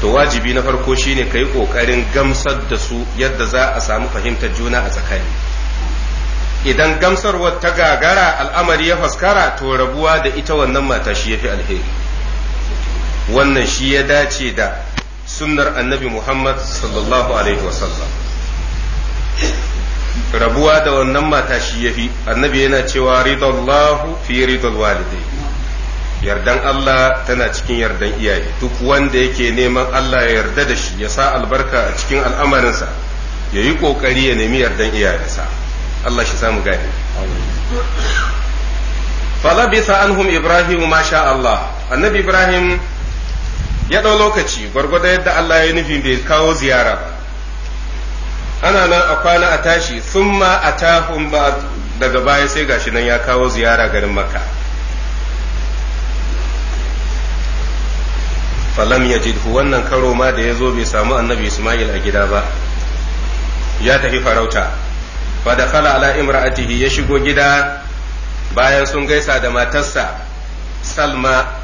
to wajibi na farko shine ka yi ƙoƙarin gamsar da su yadda za a samu fahimtar juna a tsakani idan gamsarwar ta gagara al'amari ya faskara to rabuwa da ita wannan mata shi ya fi alheri wannan shi ya dace da sunnar annabi Muhammad sallallahu alaihi wasallam rabuwa da wannan mata shi ya fi annabi yana cewa ridallahu fi ridal walidai yardan Allah tana cikin yardan iyaye duk wanda yake neman Allah ya yarda da shi ya sa albarka a cikin al'amarinsa ya yi ƙoƙari ya nemi yardan iyayensa Allah shi samu gane falabisa anhum ibrahim masha Allah annabi ibrahim ya ɗau lokaci gwargwada yadda Allah ya nufi bai kawo ziyara ana nan a kwana a tashi sun ma a tafin ba daga baya sai gashi nan ya kawo ziyara garin makka falam ya jidhu wannan karo ma da ya zo bai samu annabi ismail a gida ba ya tafi farauta fa da kala ala imra'atihi ya shigo gida bayan sun gaisa da matarsa salma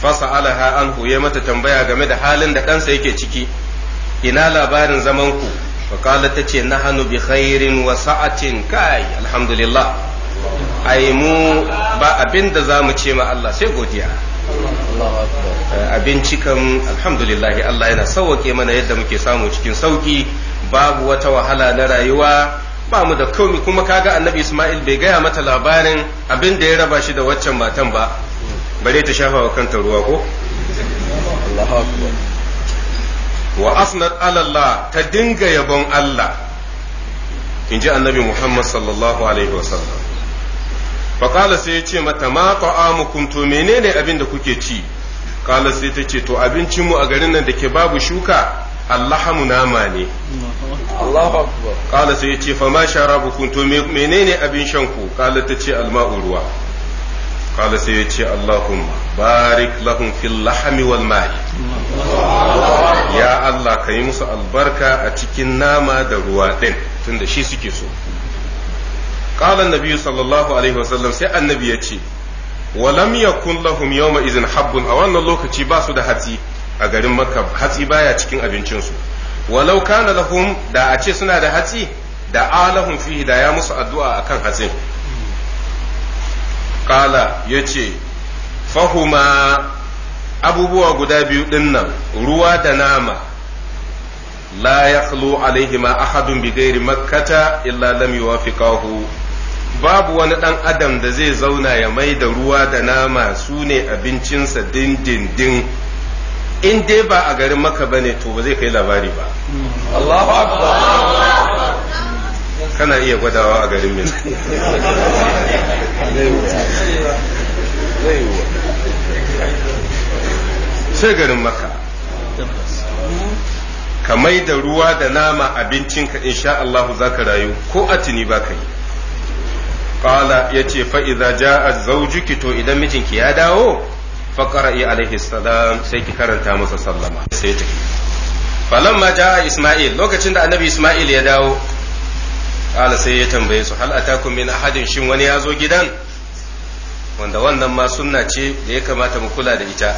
Fasa alaha an ya mata tambaya game da halin da ɗansa yake ciki ina labarin zaman ku faƙala ta ce na hannu bi khairin wa sa'atin kai alhamdulillah ai mu ba abin da za mu ce ma Allah sai godiya abinci kan alhamdulillah Allah yana sauwake mana yadda muke samu cikin sauki babu wata wahala na rayuwa ba mu da komi kuma kaga annabi Ismail bai gaya mata labarin abin da ya raba shi da waccan matan ba bare ta shafa wa kanta ruwa ko wa asnat alallah ta dinga yabon Allah in ji annabi Muhammad sallallahu alaihi wasallam faƙala sai ya ce mata ma ta'amukum to menene abin da kuke ci ƙala sai ta ce to abincinmu a garin nan da ke babu shuka allahamu nama ne ƙala sai ya ce fa ma sharabukum to menene abin shanku ƙala ta ce alma'u ruwa kala sai ya ce Allahumma barik lahum fil lahami wal ma'i ya Allah kayi musu albarka a cikin nama da ruwa din tunda shi suke so kala Nabiyu sallallahu alaihi wasallam sai annabi ya ce wa lam yakun lahum yawma idhin habbun a wannan lokaci ba su da hatsi a garin makka hatsi baya cikin abincinsu walau kana lahum da a ce suna da hatsi da a fihi da ya musu addu'a a kan hatsin kala ya ce fahuma abubuwa guda biyu dinnan ruwa da nama la ya alaihima ahadun bigairi makkata illa lam yuwafiqahu babu wani dan adam da zai zauna ya mai da ruwa da nama su ne abincinsa dindindin in dai ba a garin maka ba ne to ba zai kai labari ba Allahu akbar kana iya gwadawa a garin mai sai garin maka ka mai da ruwa da nama abincinka insha Allahu za ka rayu ko a tuni ba ka yi ƙala ya ce fa'iza ja a zaujuki to idan mijinki ya dawo iya alaihi salam sai ki karanta masa sallama sai ta ma ja a Ismail lokacin da annabi Ismail ya dawo kala sai ya tambaye su hal atakum min ahadin shin wani ya zo gidan wanda wannan ma sunna ce da ya kamata mu kula da ita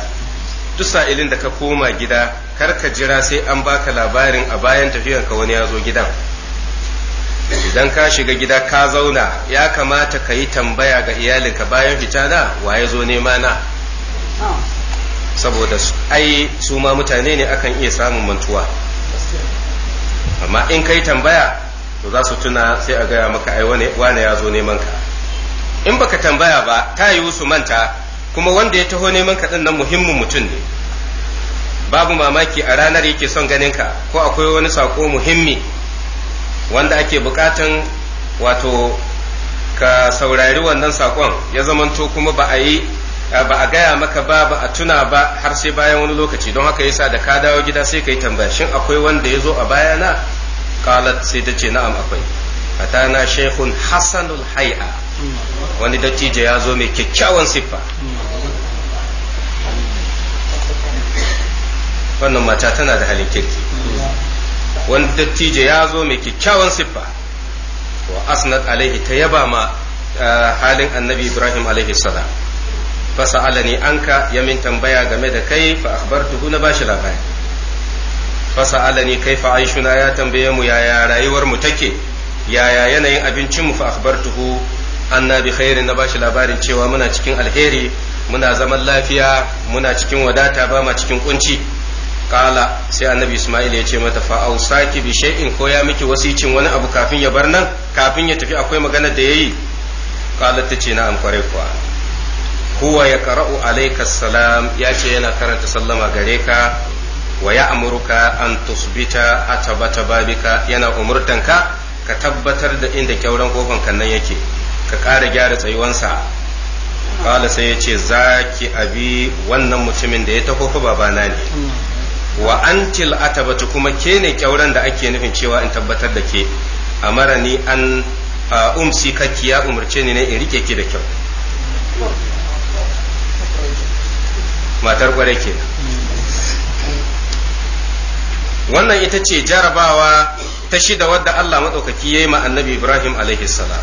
duk sa'ilin da ka koma gida kar ka jira sai an baka labarin a bayan tafiyar ka wani ya zo gidan idan ka shiga gida ka zauna ya kamata ka yi tambaya ga iyalinka bayan fita na waye zo nema na saboda ai su ma mutane ne akan iya samun mantuwa amma in ka yi tambaya to za su tuna sai a gaya maka ai wane ya zo neman ka in baka tambaya ba ta yiwu su manta kuma wanda ya taho neman ka din muhimmin mutum ne babu mamaki a ranar yake son ganin ka ko akwai wani sako muhimmi wanda ake bukatan wato ka saurari wannan sakon ya zamanto kuma ba a yi ba a gaya maka ba ba a tuna ba har sai bayan wani lokaci don haka yasa da ka dawo gida sai ka yi tambaya shin akwai wanda ya zo a baya na. qalat sai ta ce na'am akwai atana shaykhun hasanul hay'a wani dattijo ya zo mai kyakkyawan siffa wannan mata tana da halin kirki wani dattijo ya zo mai kyakkyawan siffa wa asnad alaihi ta yaba ma halin annabi ibrahim alaihi salam fasa alani anka yamin tambaya game da kai fa akhbartuhu na bashi labari fasa'alani kaifa aishuna ya tambaye mu yaya rayuwar mu take yaya yanayin abincin mu fa tuhu anna bi khairin na bashi labarin cewa muna cikin alheri muna zaman lafiya muna cikin wadata ba ma cikin kunci kala sai annabi isma'il ya ce mata fa ausaki bi shay'in ko ya miki wasicin wani abu kafin ya bar nan kafin ya tafi akwai maganar da yayi kala ta ce an kware kuwa huwa ya qara'u alayka salam ya ce yana karanta sallama gare ka wa ya Amurka an tusbita atabata babika yana umurtanka ka tabbatar da inda kyauran kofan kan nan yake ka ƙara gyara tsayuwansa kala sai ya ce za ki abi wannan mutumin da ya taho fa babana ne wa antil atabatu kuma ke ne kyauran da ake nufin cewa in tabbatar da ke mara ni an umsi kaki ya umarce ni ne in rike ki da kyau matar kwarai kenan wannan ita ce jarabawa ta shida wadda Allah maɗaukaki ya yi ma annabi Ibrahim alaihi salam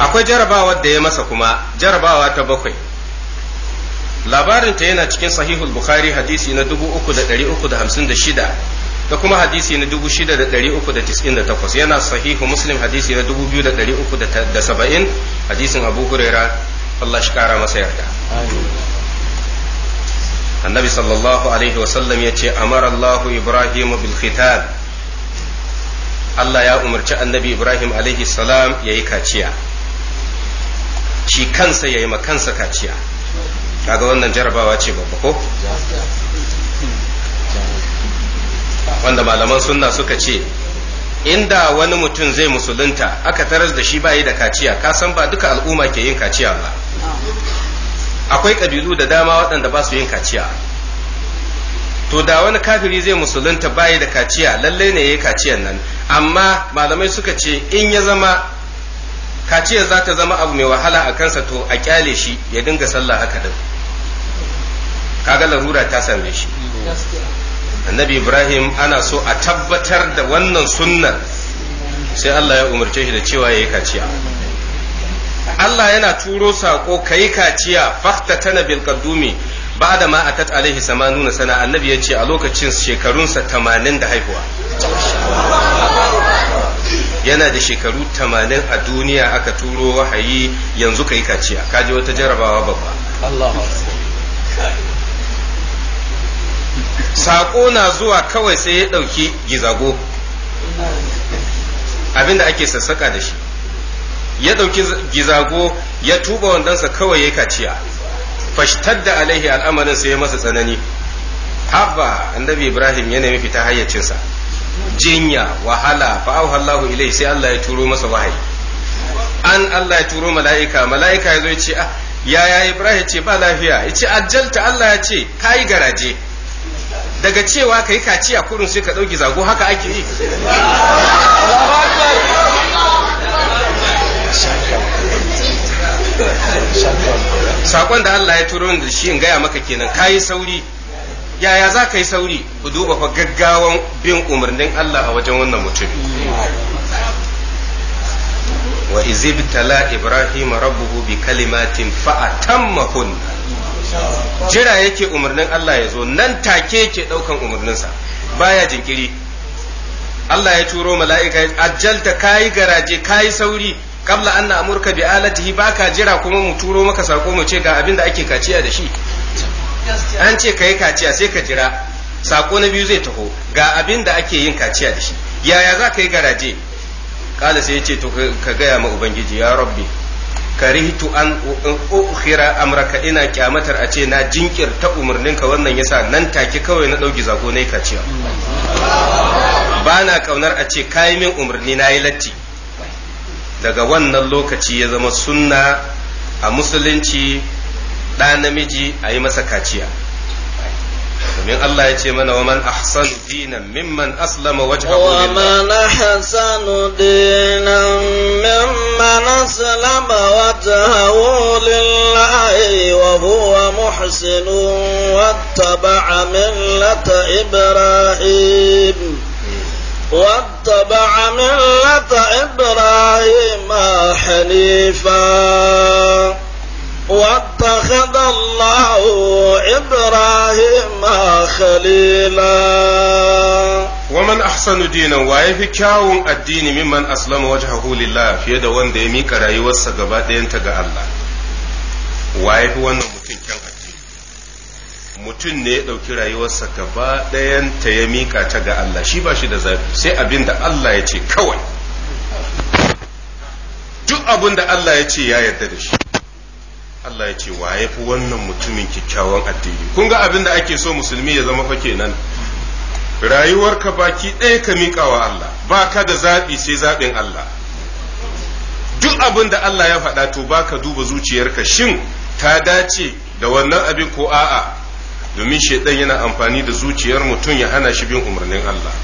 akwai jarabawa da ya masa kuma jarabawa ta bakwai labarinta yana cikin sahihul bukhari hadisi na 3,356 da kuma hadisi na 6,398 yana sahihu muslim hadisi na 2,370 hadisin abu huraira Allah shi kara masa yarda annabi sallallahu alaihi wasallam ya ce amarallahu ibrahim bil khitan Allah ya umarci annabi ibrahim alaihi salam ya yi kaciya shi kansa ya yi kansa kaciya kaga wannan jarabawa ce babba ko wanda malaman sunna suka ce inda wani mutum zai musulunta aka taras da shi bayi da kaciya kasan ba duka al'umma ke yin kaciya ba akwai kabilu da dama waɗanda ba su yin kaciya to da wani kafiri zai musulunta bayi da kaciya lalle ne yayi yi kaciyan nan amma malamai suka ce in ya zama kaciyar za ta zama abu mai wahala a kansa to a kyale shi ya dinga sallah haka din kaga larura ta same shi annabi ibrahim ana so a tabbatar da wannan sunna sai allah ya umarce shi da cewa ya yi kaciya Allah yana turo sako kai kaciya fahtatana bil ba da ma tat alaihi na sana annabi ya ce a lokacin shekarunsa 80 da haihuwa yana da shekaru 80 a duniya aka turo wahayi yanzu kai kaciya kaji wata jarabawa babba saƙo na zuwa kawai sai ya ɗauki gizago abinda ake sassaƙa da shi ya ɗauki gizago ya tuba wandonsa kawai ya kaciya da alaihi al'amarin sai ya masa tsanani habba annabi ibrahim ya nemi fita hayyacinsa jinya wahala fa auhallahu ilai sai Allah ya turo masa wahayi an Allah ya turo mala'ika mala'ika ya zo ce ah yaya ibrahim ce ba lafiya ya ce Allah ya ce kayi garaje daga cewa kai kaciya kurin sai ka ɗauki zago haka ake yi sakon da Allah ya turo da shi in gaya maka kenan kayi sauri yaya za ka yi sauri ku duba fa gaggawan bin umarnin Allah a wajen wannan mutum wa tala ibrahim rabbuhu bi kalimatin fa atammahun jira yake umarnin Allah ya zo nan take yake daukan umarninsa baya jinkiri Allah ya turo mala'ika ajalta kayi garaje kayi sauri Kabla anna amurka bi alatihi baka jira kuma mu turo maka sako mu ce ga abin da ake kaciya da shi an ce kai kaciya sai ka jira sako na biyu zai taho ga abin da ake yin kaciya da shi yaya za ka yi garaje kala sai ya ce to ka gaya ma ubangiji ya rabbi karihtu an ukhira amraka ina kyamatar a ce na jinkirta umarninka wannan yasa nan take kawai na dauki zago ne kaciya ba na kaunar a ce kayi min umarni na yi latti daga wannan lokaci ya zama sunna a musulunci ɗa namiji a yi masa kaciya domin Allah ya ce mana wa man ahsanu dinan mimman aslama wajhahu wa man ahsanu dinan mimman aslama wajhahu lillahi wa huwa muhsinun wattaba'a millata ibrahim واتبع ملة إبراهيم حنيفا واتخذ الله إبراهيم خليلا ومن أحسن دينا ويفي كاون الدين ممن أسلم وجهه لله في يد وان ديمي كرايوة سقبات دينتك الله ويفي وان متن كان mutum ne ya ɗauki rayuwarsa gaba ɗayan ta ya miƙa ta ga Allah shi ba shi da zafi sai abin da Allah ya ce kawai duk abin da Allah ya ce ya yarda da shi Allah ya ce wa ya fi wannan mutumin kyakkyawan addini kun ga abin da ake so musulmi ya zama nan? Rayuwar rayuwarka baki ɗaya ka mika wa Allah ba ka da zaɓi sai zaɓin Allah duk abin da Allah ya faɗa to ba ka duba zuciyarka shin ta dace da wannan abin ko a'a domin shaidan yana amfani da zuciyar mutum ya hana shi bin umarnin Allah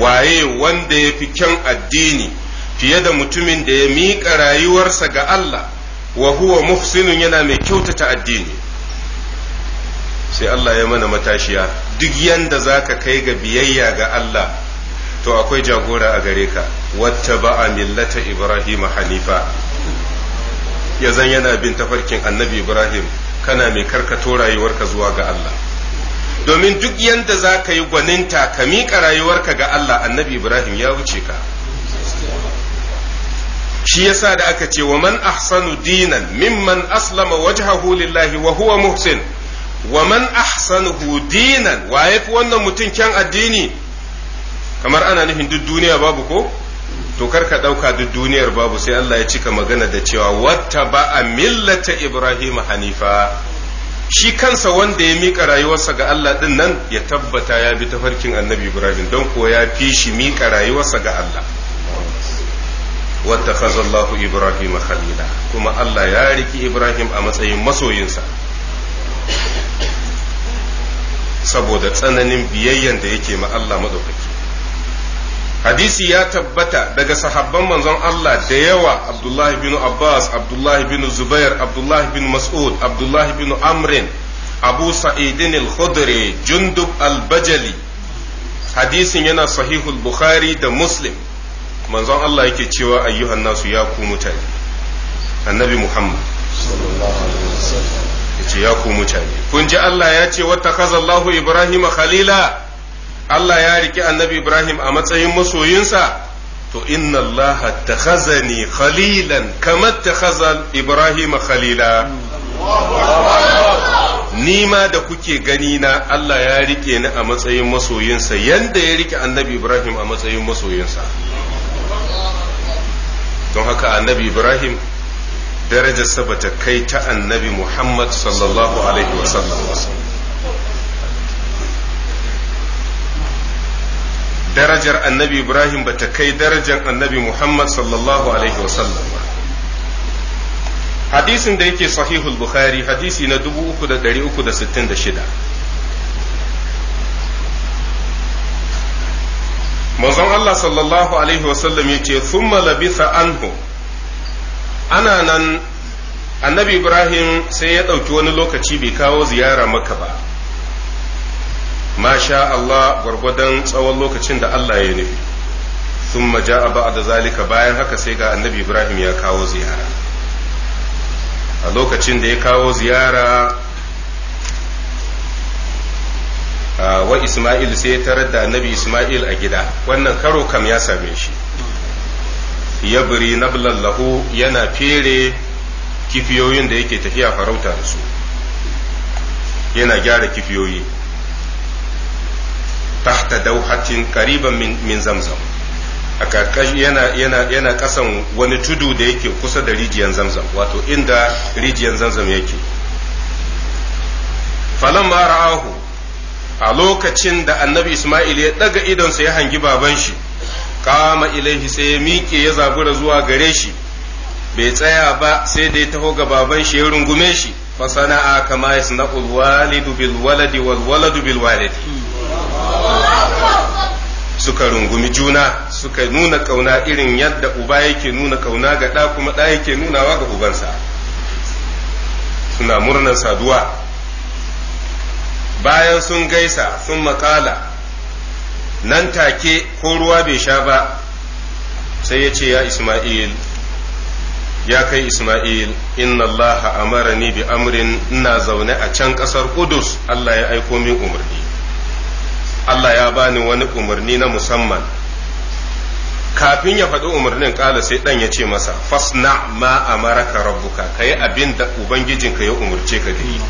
waye wanda ya fi kyan addini fiye da mutumin da ya miƙa rayuwarsa ga Allah wa huwa mufsinun yana mai kyautata addini sai Allah ya mana matashiya duk yanda za ka kai ga biyayya ga Allah to akwai jagora a gare ka wata ba'a millata Ibrahim hanifa ya zan yana bin tafarkin annabi Ibrahim kana mai karkato rayuwarka zuwa ga Allah domin duk yanda za ka yi gwaninta ka miƙa rayuwarka ga Allah annabi Ibrahim ya wuce ka shi yasa da aka ce wa man ahsanu dinan mimman aslama wajhahu lillahi wa huwa muhsin wa man ahsanu dinan wa yafi wannan mutum kyan addini kamar ana nufin duk duniya babu ko to kar ka ɗauka duk duniyar babu sai Allah ya cika magana da cewa wata ba a millata Ibrahim Hanifa shi kansa wanda ya miƙa rayuwarsa ga Allah ɗin nan ya tabbata ya bi tafarkin annabi Ibrahim don ko ya fi shi miƙa rayuwarsa ga Allah wata Allahu Ibrahim Khalila kuma Allah ya riki Ibrahim a matsayin masoyinsa saboda tsananin biyayyan da yake ma Allah maɗaukaki hadisi ya tabbata daga sahabban manzon Allah da yawa Abdullahi bin Abbas Abdullahi bin Zubair Abdullahi bin Mas'ud Abdullahi bin Amrin Abu Sa'idin al-Khudri Jundub al-Bajali hadisin yana sahihul Bukhari da Muslim manzon Allah yake cewa ayyuhan nasu ya ku mutane annabi Muhammad sallallahu alaihi wasallam ya ku mutane kun ji Allah ya ce wa takazallahu Ibrahim khalila Allah ya riki annabi Ibrahim a matsayin masoyinsa to inna Allah takhazani khalilan ta takhaza Ibrahim khalila ni ma da kuke gani na Allah ya rike ni a matsayin masoyinsa yanda ya rike annabi Ibrahim a matsayin masoyinsa don haka annabi Ibrahim darajarsa bata kai ta annabi Muhammad sallallahu alaihi wasallam darajar annabi ibrahim ba ta kai darajar annabi muhammad sallallahu alaihi wasallam ba hadisin da yake sahihul bukhari hadisi na 3366 manzon allah sallallahu alaihi wasallam ya ce thumma labitha anhu ana nan annabi ibrahim sai ya ɗauki wani lokaci bai kawo ziyara maka ba masha Allah gwargwadon tsawon lokacin da Allah ya nufi sun maja a da zalika bayan haka sai ga annabi Ibrahim ya kawo ziyara a lokacin da ya kawo ziyara wa Ismail sai ya tarar da annabi Ismail a gida wannan karo kam ya same shi ya biri nablallahu yana fere kifiyoyin da yake tafiya farauta da su yana gyara kifiyoyi tahta dauhatin kariban min zamzam a karkashi yana yana yana kasan wani tudu da yake kusa da rijiyar zamzam wato inda rijiyar zamzam yake falamma ra'ahu a lokacin da annabi Ismail ya daga idonsa ya hangi baban shi kama ilaihi sai ya miƙe ya zabura zuwa gare shi bai tsaya ba sai da ya taho ga baban shi ya rungume shi fa sana'a kama yasna'ul walidu bil waladi wal waladu bil walidi suka rungumi juna suka nuna kauna irin yadda uba yake nuna kauna ga ɗa kuma ɗa yake nunawa ga ubansa suna murnar saduwa bayan sun gaisa sun makala nan take ko ruwa bai sha ba sai ya ce ya isma'il ya kai isma'il inna allaha ni bi amrin ina zaune a can ƙasar kudus allah ya aiko min umarni Allah ya bani wani umarni na musamman kafin ya faɗi umarnin ƙala sai ɗan ya ce masa fasna ma maraka rabbuka ka yi abin da ubangijinka ya umarce ka da yi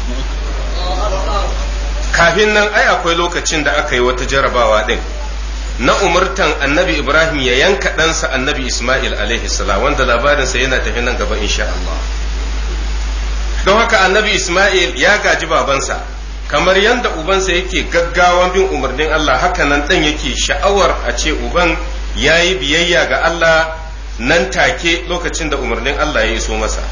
kafin nan ai akwai lokacin da aka yi wata jarabawa ɗin na umartan annabi ibrahim ya yanka ɗansa annabi ismail alaihi wanda labarinsa yana tafi nan gaba insha Allah don haka annabi ismail ya gaji babansa kamar yadda ubansa yake gaggawan bin umarnin Allah haka nan ɗan yake sha'awar a ce uban ya yi biyayya ga Allah nan take lokacin da umarnin Allah ya iso masa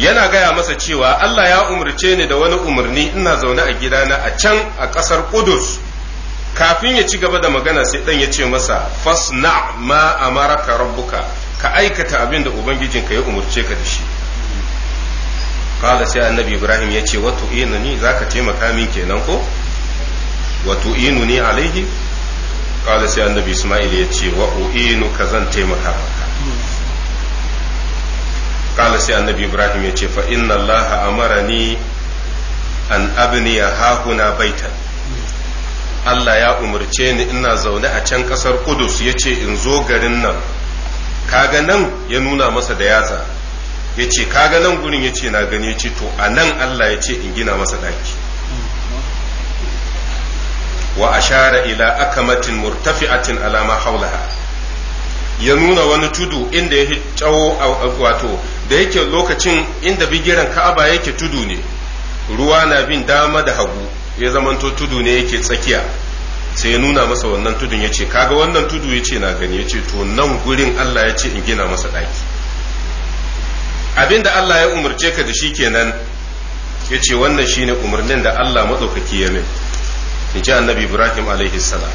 yana gaya masa cewa Allah ya umarce ni da wani umarni ina zaune a gidana a can a ƙasar Kudus kafin ya ci gaba da magana sai ɗan ya ce masa fasna ma ka rabbuka ka aikata abin da ubangijinka ya umarce ka da shi qala sai annabi ibrahim yace inu tu'inuni zaka taimaka min kenan ko inu tu'inuni alaihi qala sai annabi isma'il yace wa u'inuka zan taimaka maka qala sai annabi ibrahim yace fa inna allaha ni an abniya hahuna baitan Allah ya umarce ni ina zaune a can kasar Kudus ya ce in zo garin nan, kaga nan ya nuna masa da yatsa, ya ce kaga nan gurin ya ce na gani ya ce to a nan Allah ya ce in gina masa ɗaki wa ashara ila akamatin murtafi'atin alama haulaha ya nuna wani tudu inda ya tsawo wato da yake lokacin inda bigiran ka'aba yake tudu ne ruwa na bin dama da hagu ya zamanto tudu ne yake tsakiya sai ya nuna masa wannan tudun ya ce kaga wannan tudu ya ce na gani ya ce to nan gurin Allah ya ce in gina masa ɗaki abin da Allah ya umarce ka da shi kenan ya ce wannan shi ne umarnin da Allah maɗaukaki ya min in ji annabi ibrahim alaihi salam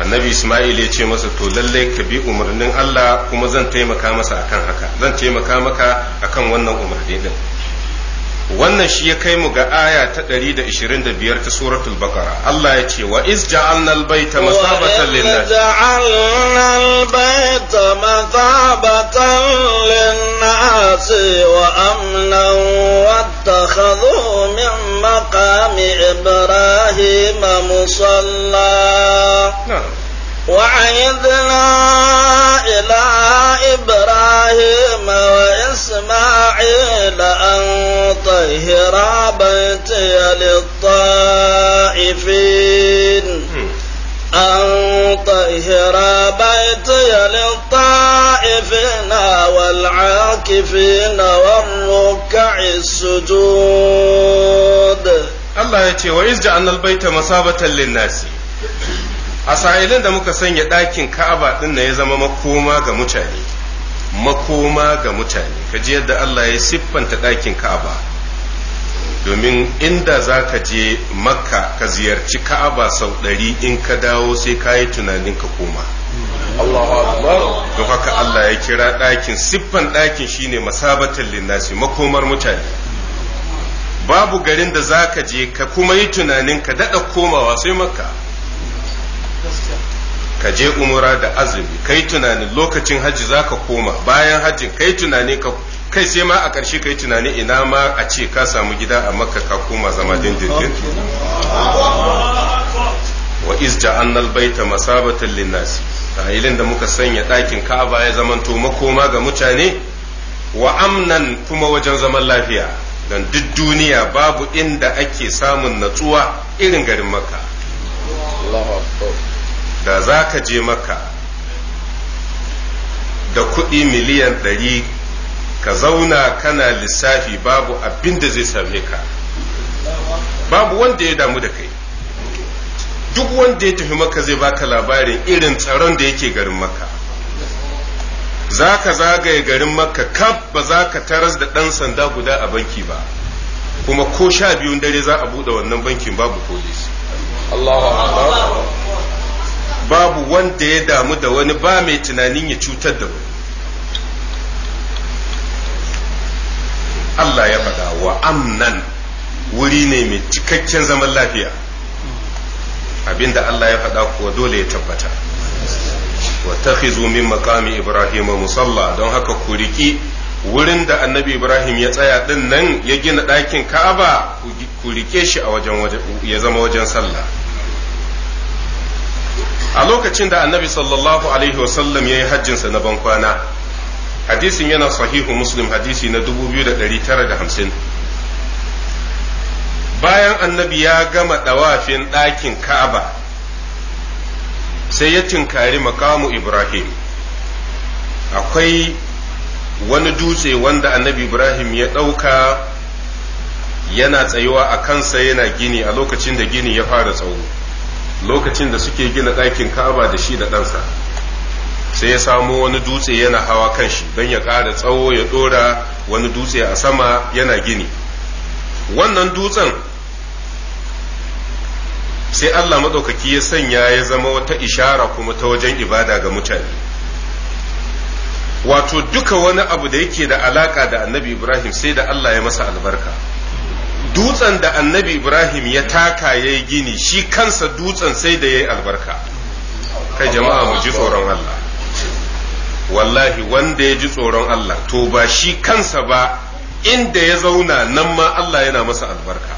annabi ismail ya ce masa to lallai ka bi umarnin Allah kuma zan taimaka masa akan haka zan taimaka maka akan wannan umarni din wannan shi ya kai mu ga aya ta 125 ta suratul baqara Allah ya ce wa iz ja'alna al masabatan lin-nas ja'alna al masabatan lin-nas wa amnan wattakhadhu min maqami ibrahim musalla وعيدنا إلى إبراهيم إسماعيل أن طهر بيتي للطائفين أن طهر بيتي للطائفين والعاكفين والركع السجود Allah ya ce wa iz ja'alnal baita masabatan linnasi a sa'ilin da muka sanya ɗakin Ka'aba din ya zama makoma ga mutane makoma ga mutane kaji yadda Allah ya siffanta ɗakin Ka'aba domin inda za ka je makka ka ziyarci Ka'aba sau ɗari in ka dawo sai ka yi tunanin ka koma don haka Allah ya kira ɗakin siffan ɗakin shine masabatan linnasi makomar mutane babu garin da za ka je ka kuma yi tunanin ka daɗa komawa sai makka ka je umura da azumi kai tunanin lokacin hajji za ka koma bayan hajji kai tunani ka kai sai ma a ƙarshe kai tunani ina ma a ce ka samu gida a makka ka koma zama dindindin wa iz ja'annal baita masabatan linnas ilin da muka sanya ɗakin ka'aba ya zamanto makoma ga mutane wa amnan kuma wajen zaman lafiya don duk duniya babu inda ake samun natsuwa irin garin makka da za ka je maka da kuɗi miliyan ɗari ka zauna kana lissafi babu abin da zai same ka babu wanda ya damu da kai duk wanda ya tafi maka zai baka labarin irin tsaron da yake garin maka za ka zagaye garin maka kaf ba za ka taras da ɗan sanda guda a banki ba kuma ko sha biyun dare za a buɗe wannan bankin babu kodis babu wanda ya damu da wani ba mai tunanin ya cutar da wani Allah ya faɗa wa amnan wuri ne mai cikakken zaman lafiya abinda Allah ya faɗa kuwa dole ya tabbata wa ta min makami Ibrahim musalla don haka ku riƙi wurin da annabi Ibrahim ya tsaya ɗin nan ya gina ɗakin Ka'aba ku riƙe shi a wajen ya zama wajen sallah a lokacin da annabi sallallahu alaihi wasallam ya yi hajjinsa na bankwana hadisin yana sahihu muslim hadisi na 2950 bayan annabi ya gama ɗawafin ɗakin ka'aba sai ya tinkari makamu ibrahim akwai wani dutse wanda annabi ibrahim ya ɗauka yana tsayuwa a kansa yana gini a lokacin da gini ya fara tsawo lokacin da suke gina ɗakin ka'aba da shi da ɗansa sai ya samo wani dutse yana hawa kan shi don ya ƙara tsawo ya ɗora wani dutse a sama yana gini wannan dutsen sai Allah maɗaukaki ya sanya ya zama wata ishara kuma ta wajen ibada ga mutane wato duka wani abu da yake da alaka da annabi ibrahim sai da Allah ya masa albarka dutsen da annabi ibrahim ya taka ya yi gini shi kansa dutsen sai da ya yi albarka kai jama'a mu ji tsoron allah wallahi wanda ya ji tsoron allah to ba shi kansa ba inda ya zauna nan ma allah yana masa albarka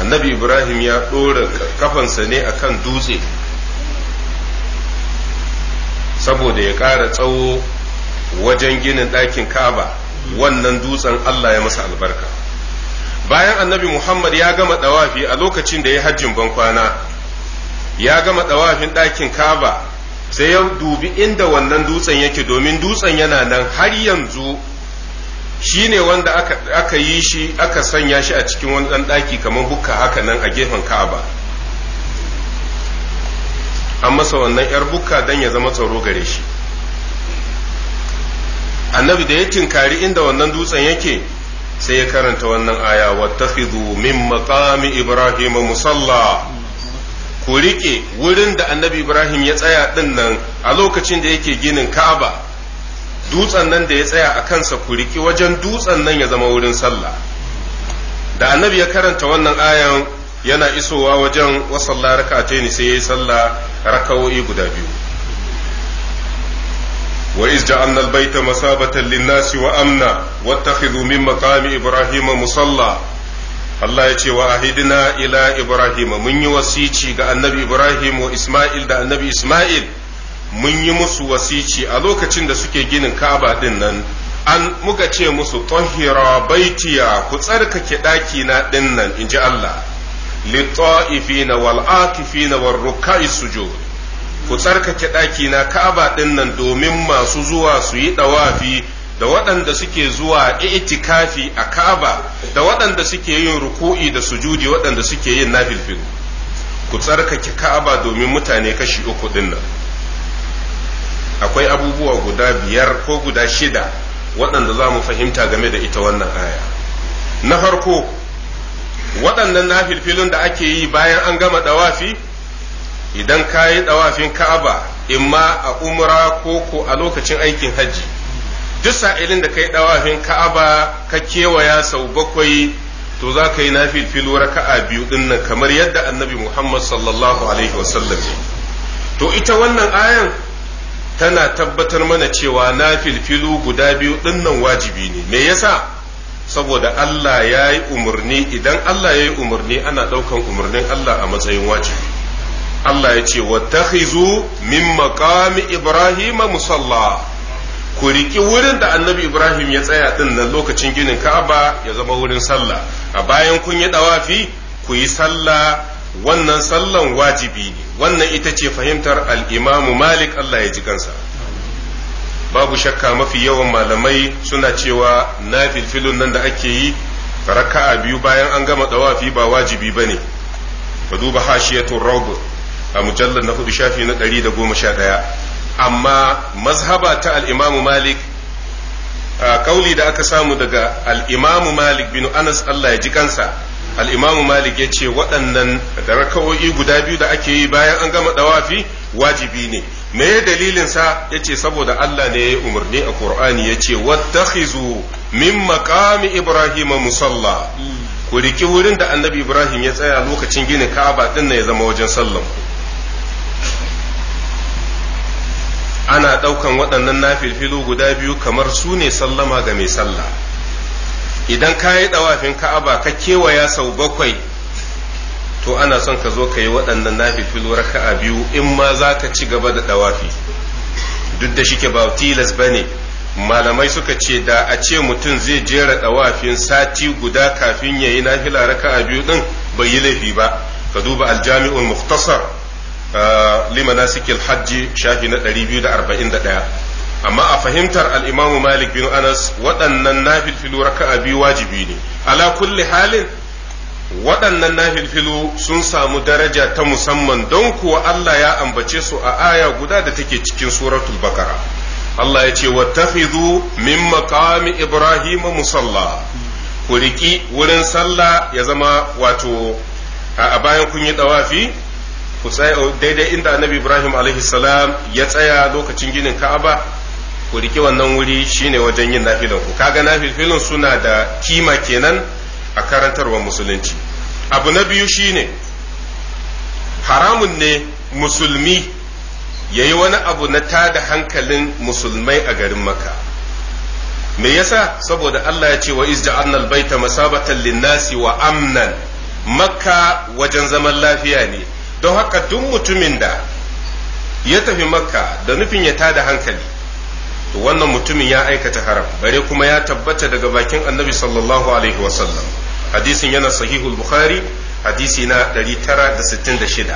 annabi ibrahim ya ɗora kafansa ne a kan dutse saboda ya ƙara tsawo wajen ginin ɗakin kaba wannan dutsen Allah ya masa albarka bayan annabi Muhammad ya gama dawafi a lokacin da ya hajjin bankwana ya gama dawafin ɗakin Kaba sai ya dubi inda wannan dutsen yake domin dutsen yana nan har yanzu shi ne wanda aka yi shi aka sanya shi a cikin wani ɗan ɗaki kamar bukka haka nan a gefen kaba an masa wannan 'yar bukka don ya zama tsaro gare shi annabi da ya tinkari inda wannan dutsen yake sai ya karanta wannan aya wattakhidhu min maqami ibrahim musalla ku rike wurin da annabi ibrahim ya tsaya din nan a lokacin da yake ginin ka'aba dutsen nan da ya tsaya a kansa ku riki wajen dutsen nan ya zama wurin sallah da annabi ya karanta wannan ayan yana isowa wajen wasan raka sai ya yi sallah raka'o'i guda biyu وإذ جعلنا البيت مثابة للناس amna واتخذوا من مقام إبراهيم مصلى Allah ya ce wa ahidina ila Ibrahim mun yi wasici ga annabi Ibrahim wa Ismail da annabi Ismail mun yi musu wasici a lokacin da suke ginin Ka'aba din nan an muka ce musu tahira baitiya ku tsarkake ɗaki na din nan inji Allah li na wal na war rukka'i sujud ku tsarkake na ka'aba ɗin nan domin masu zuwa su yi ɗawafi da waɗanda suke zuwa itikafi a ka'aba da waɗanda suke yin ruku'i da sujudi waɗanda suke yin nafilfil ku tsarkake ka'aba domin mutane kashi uku ɗin nan akwai abubuwa guda biyar ko guda shida waɗanda za mu fahimta game da ita wannan aya na farko waɗannan nafilfilin da ake yi bayan an gama ɗawafi idan ka yi ɗawafin ka'aba imma a umra ko ko a lokacin aikin hajji duk sa'ilin da ka yi ɗawafin ka'aba ka kewaya sau bakwai to za ka yi na filfilo raka'a biyu dinnan kamar yadda annabi muhammad sallallahu alaihi wasallam to ita wannan ayan tana tabbatar mana cewa na guda biyu dinnan wajibi ne me yasa saboda Allah ya yi umarni idan Allah ya yi umarni ana ɗaukan umarnin Allah a matsayin wajibi Allah ya ce wattakhizu min maqami Ibrahim musalla ku riƙi wurin da annabi Ibrahim ya tsaya din nan lokacin ginin Ka'aba ya zama wurin sallah a bayan kun yi dawafi ku yi sallah wannan sallan wajibi ne wannan ita ce fahimtar al-Imam Malik Allah ya ji kansa babu shakka mafi yawan malamai suna cewa na filfilun nan da ake yi raka'a biyu bayan an gama dawafi ba wajibi bane ka duba hashiyatun rabu a mujallar na hudu shafi na ɗari da goma sha ɗaya amma mazhaba ta al'imamu malik a kauli da aka samu daga al'imamu malik binu anas allah ya ji kansa al'imamu malik ya ce waɗannan da raka'o'i guda biyu da ake yi bayan an gama ɗawafi wajibi ne me ya dalilin sa ya ce saboda allah ne ya umarni a qur'ani ya ce wattakhizu min maqami ibrahim musalla ku riki wurin da annabi ibrahim ya tsaya lokacin ginin ka'aba ɗin ya zama wajen sallan ku ana ɗaukan waɗannan nafilfilu guda biyu kamar su ne sallama ga mai sallah idan ka yi ɗawafin ka'aba ka kewaya sau bakwai to ana son ka zo ka yi waɗannan nafilfilu raka'a biyu in ma za ka ci gaba da ɗawafi duk da shike ba tilas ba ne malamai suka ce da a ce mutum zai jera ɗawafin sati guda kafin ya yi nafila raka'a biyu ɗin bai yi laifi ba ka duba aljami'ul muktasar limanasikil hajji shafi na da 241 amma a fahimtar al'imamu malik bin anas waɗannan nafilfilu raka'a biyu wajibi ne ala kulli halin waɗannan nafilfilu sun samu daraja ta musamman don kuwa Allah ya ambace su a aya guda da take cikin suratul bakara Allah ya ce wattakhidhu min maqami ibrahim musalla ku riƙi wurin sallah ya zama wato a bayan kun yi ɗawafi. ku tsaya daidai inda annabi ibrahim alaihi salam ya tsaya lokacin ginin ka'aba ku riƙe wannan wuri shine wajen yin nafilan ku kaga nafilfilin suna da kima kenan a karantarwar musulunci abu na biyu shine haramun ne musulmi ya yi wani abu na tada hankalin musulmai a garin Makka. me yasa saboda Allah ya ce wa izja annal baita masabatan linnasi wa amnan makka wajen zaman lafiya ne don haka duk mutumin da ya tafi makka da nufin ya tada hankali to wannan mutumin ya aikata haram bare kuma ya tabbata daga bakin annabi sallallahu alaihi wasallam hadisin yana sahihul bukhari hadisi na 966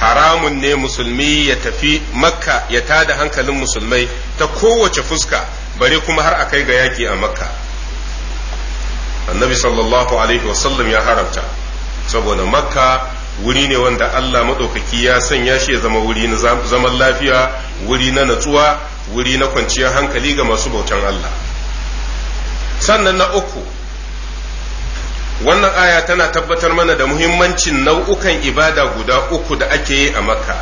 haramun ne musulmi ya tafi makka ya tada hankalin musulmai ta kowace fuska bare kuma har a kai ga yaki a makka annabi sallallahu alaihi wasallam ya haramta saboda makka wuri ne wanda Allah maɗaukaki ya sanya shi ya zama wuri na zaman lafiya wuri na natsuwa wuri na kwanciyar hankali ga masu bautan Allah sannan na uku wannan aya tana tabbatar mana da muhimmancin nau'ukan ibada guda uku da ake yi a makka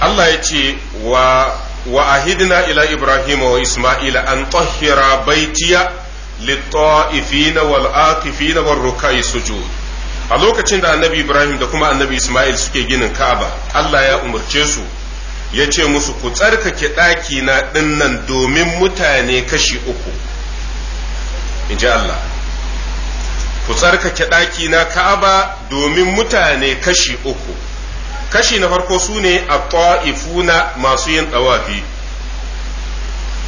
Allah ya ce wa wa ahidna ila ibrahim wa isma'ila an tahira baitiya lit-ta'ifina wal-aqifina war sujud a lokacin da annabi ibrahim da kuma annabi isma'il suke ginin ka'aba allah ya umarce su ya ce musu ku tsarkake ɗaki na ɗinnan domin mutane kashi uku in ji allah ku tsarkake ɗaki na ka'aba domin mutane kashi uku kashi na farko su ne a ta'ifuna masu yin ɗawafi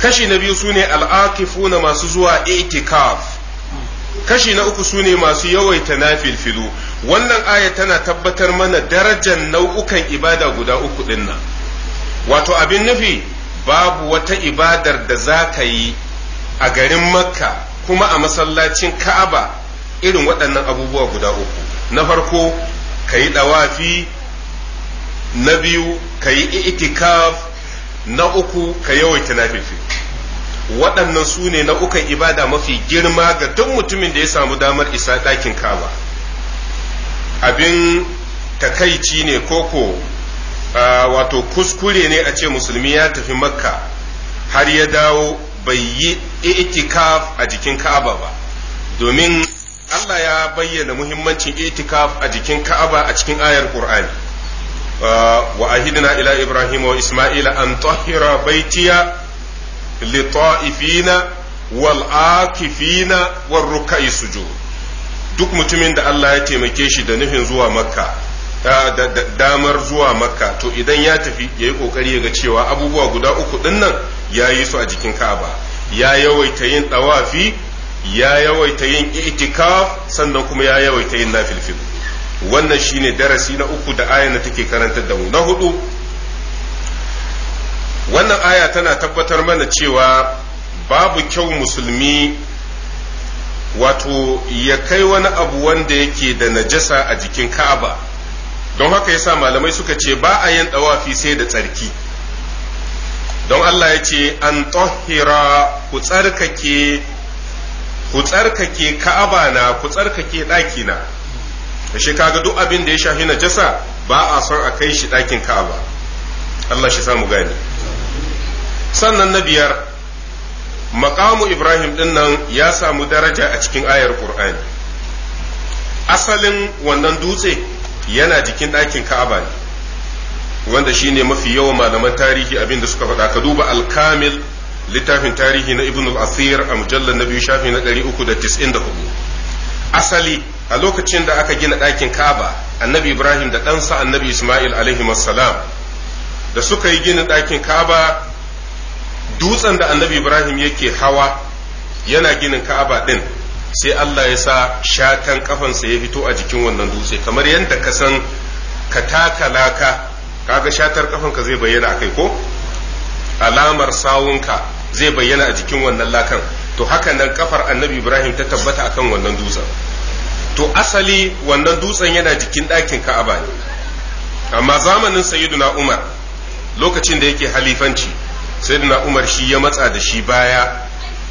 kashi na biyu su ne al'akifuna masu zuwa itikaf kashi na uku sune masu yawaita nafilfilu wannan aya tana tabbatar mana darajar nau'ukan ibada guda uku nan wato abin nufi babu wata ibadar da za ka yi a garin makka kuma a masallacin ka'aba irin waɗannan abubuwa guda uku na farko ka yi ɗawafi na biyu ka yi itikaf na uku ka yawaita nafilfilu waɗannan su ne na nau'ukan ibada mafi girma ga duk mutumin da ya samu damar isa ɗakin kaba abin takaici ne koko wato kuskure ne a ce musulmi ya tafi makka har ya dawo bai yi itikaf a jikin ka'aba ba domin Allah ya bayyana muhimmancin itikaf a jikin ka'aba a cikin ayar Qur'ani wa ahidina ila ibrahim wa isma'ila an tahira baitiya lita'ifina wal akifina war sujud duk mutumin da Allah ya taimake shi da nufin zuwa makka da damar zuwa makka to idan ya tafi ya yi kokari ga cewa abubuwa guda uku dinnan ya yi su a jikin ka'aba ya yawaita yin dawafi ya yawaita yin itikaf sannan kuma ya yawaita yin nafilfil wannan shine darasi na uku da ayan take karantar da mu na hudu wannan aya tana tabbatar mana cewa babu kyau musulmi wato ya kai wani abu wanda yake da najasa a jikin ka'aba don haka yasa malamai suka ce ba a yin dawafi sai da tsarki don Allah ya ce an tahira ku tsarkake ku tsarkake ka'aba na ku tsarkake ɗaki na shi kaga duk abin da ya shafi najasa ba a son a kai shi ɗakin ka'aba Allah shi samu gani sannan na biyar makamu ibrahim din nan ya samu daraja a cikin ayar qur'ani asalin wannan dutse yana jikin ɗakin ka'aba ne wanda shine mafi yawan malaman tarihi abinda suka faɗa ka duba alkamil littafin tarihi na ibn al-asir a mujallar na biyu shafi na 394 asali a lokacin da aka gina ɗakin ka'aba annabi ibrahim da ɗansa annabi isma'il alaihi da suka yi ginin ɗakin ka'aba dutsen da annabi ibrahim yake hawa yana ginin ka'aba din sai allah ya sa shatan kafansa ya fito a jikin wannan dutse kamar yadda ka san ka taka laka kaga shatar kafanka zai bayyana a kai ko alamar sawunka zai bayyana a jikin wannan lakan to haka nan kafar annabi ibrahim ta tabbata akan wannan dutsen to asali wannan dutsen yana jikin ɗakin ka'aba ne amma zamanin sayyiduna umar lokacin da yake halifanci sayyidina umar shi ya matsa da shi baya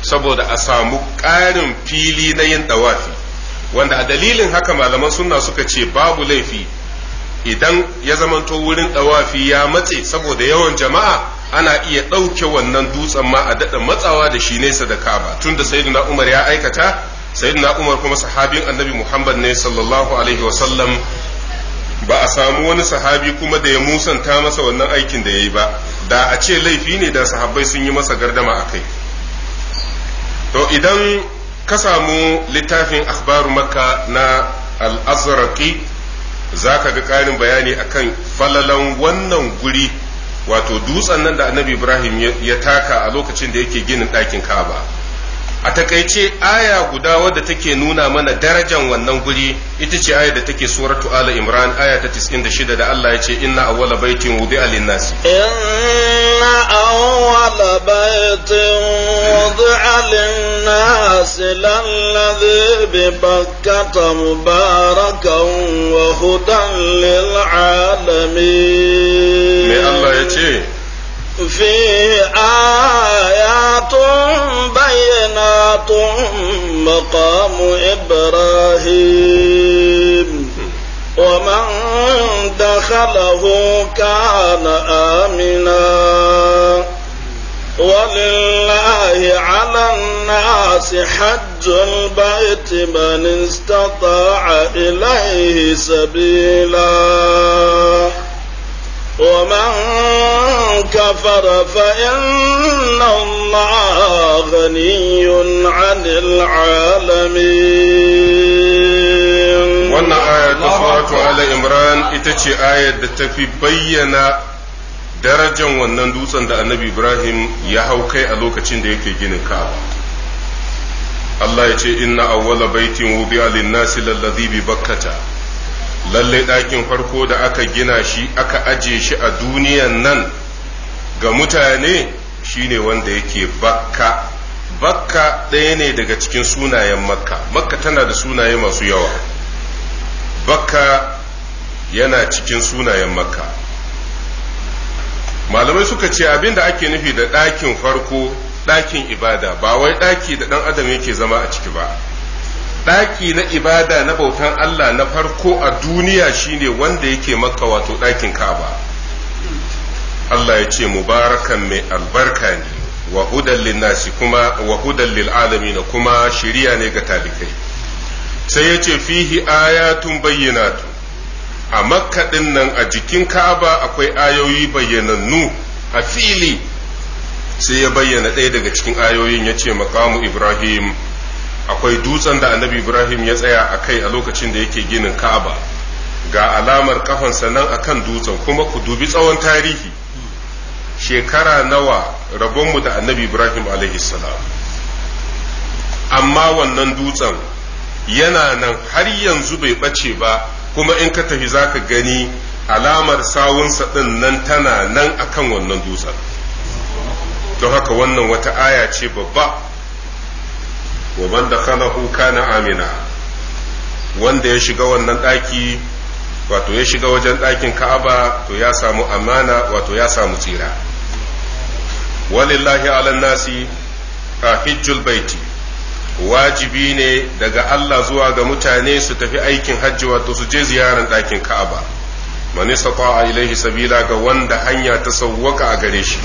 saboda a samu ƙarin fili na yin dawafi wanda a dalilin haka malaman sunna suka ce babu laifi idan ya zamanto wurin dawafi ya matse saboda yawan jama'a ana iya ɗauke wannan dutsen ma a daɗa matsawa da shi nesa da kaba tunda sayyidina umar ya aikata sayyidina umar kuma sahabin annabi muhammad ne sallallahu alaihi wasallam ba a samu wani sahabi kuma da ya musanta masa wannan aikin da ya yi ba da a ce laifi ne da sahabbai sun yi masa gardama a kai to idan ka samu littafin akhbaru makka na al-azraqi za ka ga ƙarin bayani akan falalan wannan guri wato dutsen nan da annabi ibrahim ya taka a lokacin da yake ginin ɗakin ka'aba a takaice aya guda wadda take nuna mana darajan wannan guri ita ce aya da take suratu ala imran aya ta 96 da Allah ya ce inna awwala baitin wudi'a lin inna awwala baitin wudi'a lin-nas lalladhi bi bakkata mubarakan wa hudan lil alamin me Allah ya ce في آيات بينات مقام إبراهيم ومن دخله كان آمنا ولله على الناس حج البيت من استطاع إليه سبيلاً ومن كفر فإن الله غني عن العالمين wannan aya ta suratu ala imran ita ce ayar da ta fi bayyana darajan wannan dutsen da annabi ibrahim ya hau kai a lokacin da yake ginin ka'aba Allah ya ce inna awwala baitin wudi'a lin-nasi lallazi bi bakkata Lallai ɗakin farko da aka gina shi aka aje shi a duniyan nan ga mutane shine wanda yake bakka bakka ɗaya ne daga cikin sunayen makka makka tana da sunaye masu yawa bakka yana cikin sunayen makka malamai suka ce abin da ake nufi da ɗakin farko ɗakin ibada ba wai ɗaki da ɗan adam yake zama a ciki ba Daki na ibada na bautan Allah na farko a duniya shine wanda yake maka wato ɗakin Ka'aba Allah ya ce mubarakan mai albarka ne wa hudan nasi kuma wa hudan lil alamin kuma shiriya ne ga talikai sai ya ce fihi ayatun bayyinatu a makka nan a jikin Ka'aba akwai ayoyi bayyanannu a fili sai ya bayyana ɗaya daga cikin ayoyin ya ce makamu Ibrahim akwai dutsen da annabi ibrahim ya tsaya a kai a lokacin da yake ginin ka'aba ga alamar kafansa nan akan dutsen kuma ku dubi tsawon tarihi shekara nawa rabonmu da annabi ibrahim salam amma wannan dutsen yana nan har yanzu bai bace ba kuma in ka tafi zaka gani alamar sawunsa ɗin nan tana nan akan wannan dutsen don haka wannan wata aya ce babba wa man dakhalahu kana amina wanda ya shiga wannan ɗaki wato ya shiga wajen ɗakin ka'aba to ya samu amana wato ya samu tsira walillahi alan nasi a hijjul baiti wajibi ne daga Allah zuwa ga mutane su tafi aikin hajji wato su je ziyarar ɗakin ka'aba man a ilaihi sabila ga wanda hanya ta sauwaka a gare shi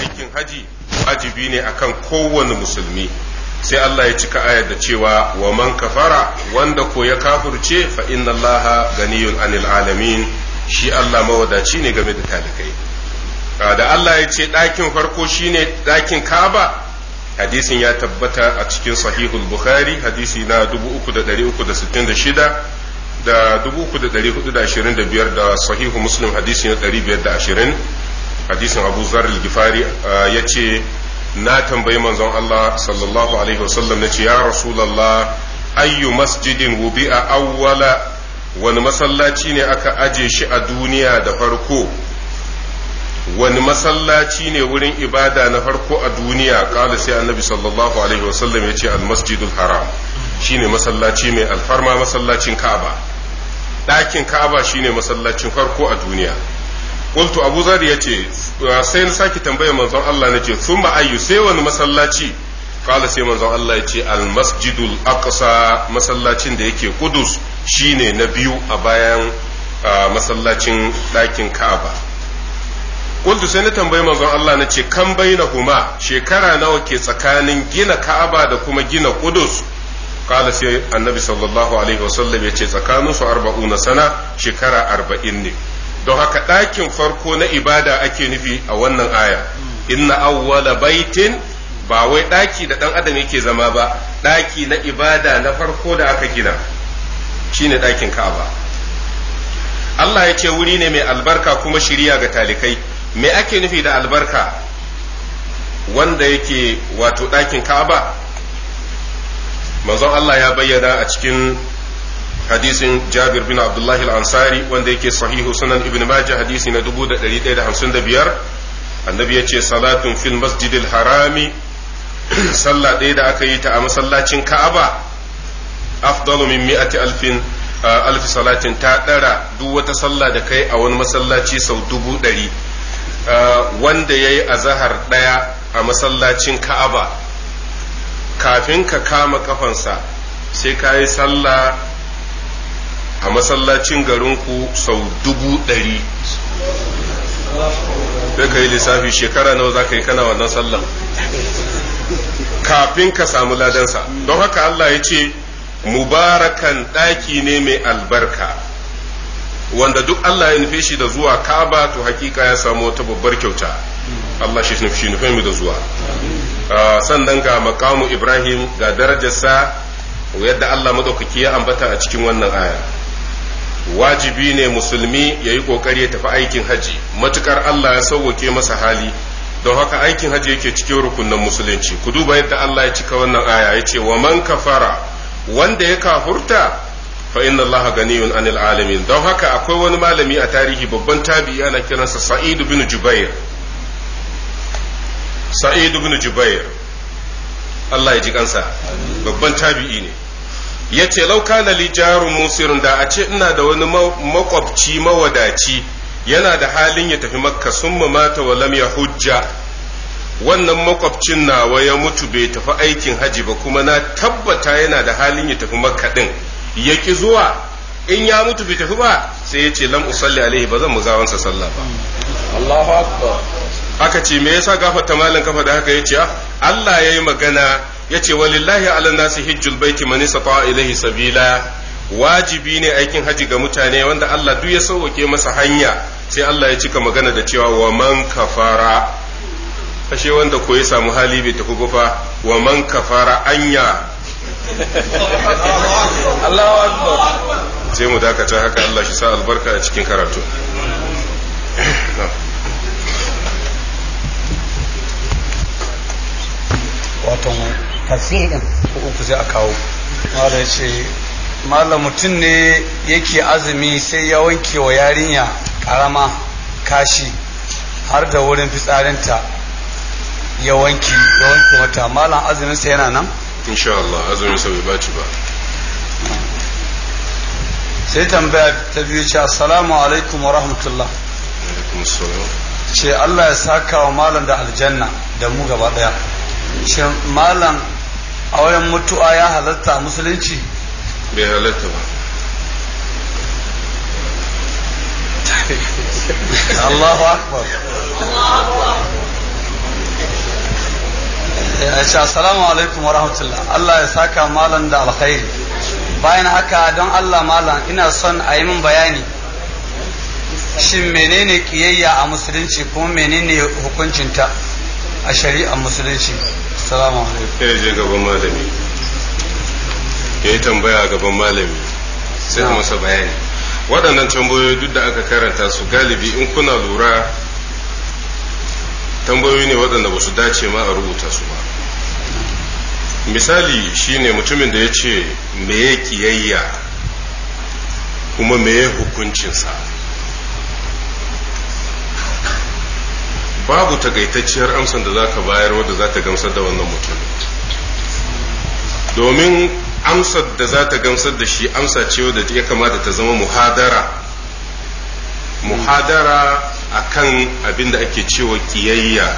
aikin haji wajibi ne akan kowane musulmi sai Allah ya cika ayar da cewa wa man kafara wanda ko ya kafurce fa inna Allah ganiyun anil alamin shi Allah mawadaci ne game da talikai ah, da Allah ya ce ɗakin farko shine ɗakin Ka'aba hadisin ya tabbata a cikin sahihul Bukhari hadisi na 3366 da 3425 da sahihu Muslim hadisi na 520 hadisin Abu Zar al ah, ya ce na tambayi manzon Allah sallallahu alaihi wasallam na ce ya rasulallah ayyu masjidin a awwala wani masallaci ne aka aje shi a duniya da farko wani masallaci ne wurin ibada na farko a duniya kala sai annabi sallallahu alaihi wasallam ya ce almasjidul haram shine masallaci mai alfarma masallacin ka'aba ɗakin ka'aba shine masallacin farko a duniya Kultu abu zar yace ah, sai na sake tambayar manzon Allah nace thumma ayyu sai wani masallaci kala sai manzon Allah ya ce al masjidul aqsa masallacin da yake kudus shine na biyu a bayan ah, masallacin ɗakin ka'aba kultu sai na tambayi manzon Allah na ce kan na huma shekara nawa ke tsakanin gina ka'aba da kuma gina kudus kala sai annabi sallallahu alaihi wasallam ya ce tsakaninsu na sana shekara arba'in ne don haka ɗakin farko na ibada ake nufi a wannan aya inna awwala baitin ba wai ɗaki da ɗan adam yake zama ba ɗaki na ibada na farko da aka gina shine ɗakin ka'aba Allah ya ce wuri ne mai albarka kuma shiriya ga talikai me ake nufi da albarka wanda yake wato ɗakin ka'aba manzon Allah ya bayyana a cikin hadisin jabir bin abdullahi al-ansari wanda yake sahihu sunan ibn majah hadisi na 1155 annabi ya ce salatun fil masjidil harami sallah ɗaya da aka yi ta a masallacin ka'aba Afdalmin min mi'ati ah, alfi salatin ta ɗara duk wata sallah da kai a wani masallaci sau dubu ɗari ah, wanda ya yi azahar ɗaya a masallacin ka'aba kafin ka kama kafansa sai ka yi sallah a masallacin garinku sau dubu ɗari sai ka yi lissafi shekara nawa za ka yi kana wannan sallan kafin ka samu ladansa don haka Allah ya ce mubarakan ɗaki ne mai albarka wanda duk Allah ya nufe shi da zuwa kaba to hakika ya samu wata babbar kyauta Allah shi nufi nufe mu da zuwa ah, sannan ga makamu Ibrahim ga darajarsa yadda Allah madaukaki ya ambata a cikin wannan aya wajibi ne musulmi ya yi ƙoƙari ya tafi aikin haji matukar Allah ya sauke masa hali don haka aikin haji yake cikin rukunin musulunci ku duba yadda Allah ya cika wannan aya ya ce wa man kafara wanda ya kafurta fa inna Allah ganiyun anil alamin don haka akwai wani malami a tarihi babban tabi'i ana kiransa Sa'id bin Jubair Sa'id bin Jubair Allah ya ji kansa babban tabi'i ne ya ce lauka na lijarun Musirin da a ce ina da wani makwabci mawadaci yana da halin ya tafi makka sun mata wa lam ya hujja wannan makwabcin nawa ya mutu bai tafi aikin haji ba kuma na tabbata yana da halin ya tafi makka din ya ki zuwa in ya mutu bai tafi ba sai ya ce lam usalli alaihi ba zan wansa sallah ba Allahu akbar aka ce me yasa gafarta malam kafa da haka yace ah, Allah yayi magana ya yace walillahi ala nasi hijjul baiti man sata ilaihi sabila wajibi ne aikin haji ga mutane wanda Allah duk ya sauke masa hanya sai Allah ya cika magana da cewa wa man kafara kashe wanda ko ya samu hali bai tafi fa wa man kafara anya Allahu akbar sai mu dakata haka Allah shi sa albarka a cikin karatu tafsir din uku sai a kawo malam ce malam mutum ne yake azumi sai ya wanke wa yarinya karama kashi har da wurin fitsarinta ya wanke ya wanke mata malam azumin sa yana nan insha Allah azumin sa bai baci ba sai tambaya ta biyu ce assalamu alaikum wa rahmatullah alaikum assalam ce Allah ya saka wa malam da aljanna da mu gaba daya shin malam a wayan mutu'a ya halatta musulunci bai halatta ba Allahu akbar Allahu akbar assalamu alaikum wa rahmatullah Allah ya saka malam da alkhairi bayan haka don Allah malam ina son a yi min bayani shin menene kiyayya a musulunci kuma menene hukuncinta a shari'ar musulunci salamu alaikum ya je gaban malami ya yi tambaya gaban malami sai a masa bayani waɗannan tambayoyi duk da aka karanta su galibi in kuna lura tambayoyi ne waɗanda ba su dace ma a rubuta su ba misali shine mutumin da ya ce me ya kiyayya kuma me ya hukuncinsa babu takaitacciyar amsan da za ka bayar wadda za ta gamsar da wannan mutum domin amsar da za ta gamsar da shi amsa ce wadda ya kamata ta zama muhadara muhadara akan abin da ake cewa kiyayya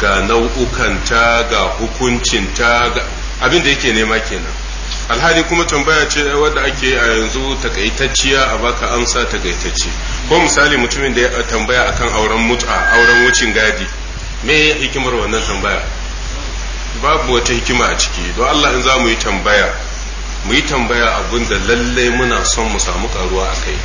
ga nau'ukanta ga hukuncinta abin da yake nema kenan alhali kuma tambaya ce wadda ake a yanzu takaitacciya a baka amsa takaitacce ko misali mutumin da ya tambaya akan auren mut'a auren wucin gadi me hikimar wannan tambaya babu wata hikima a ciki don Allah in za mu yi tambaya mu yi tambaya abin da lalle muna son mu samu karuwa a kai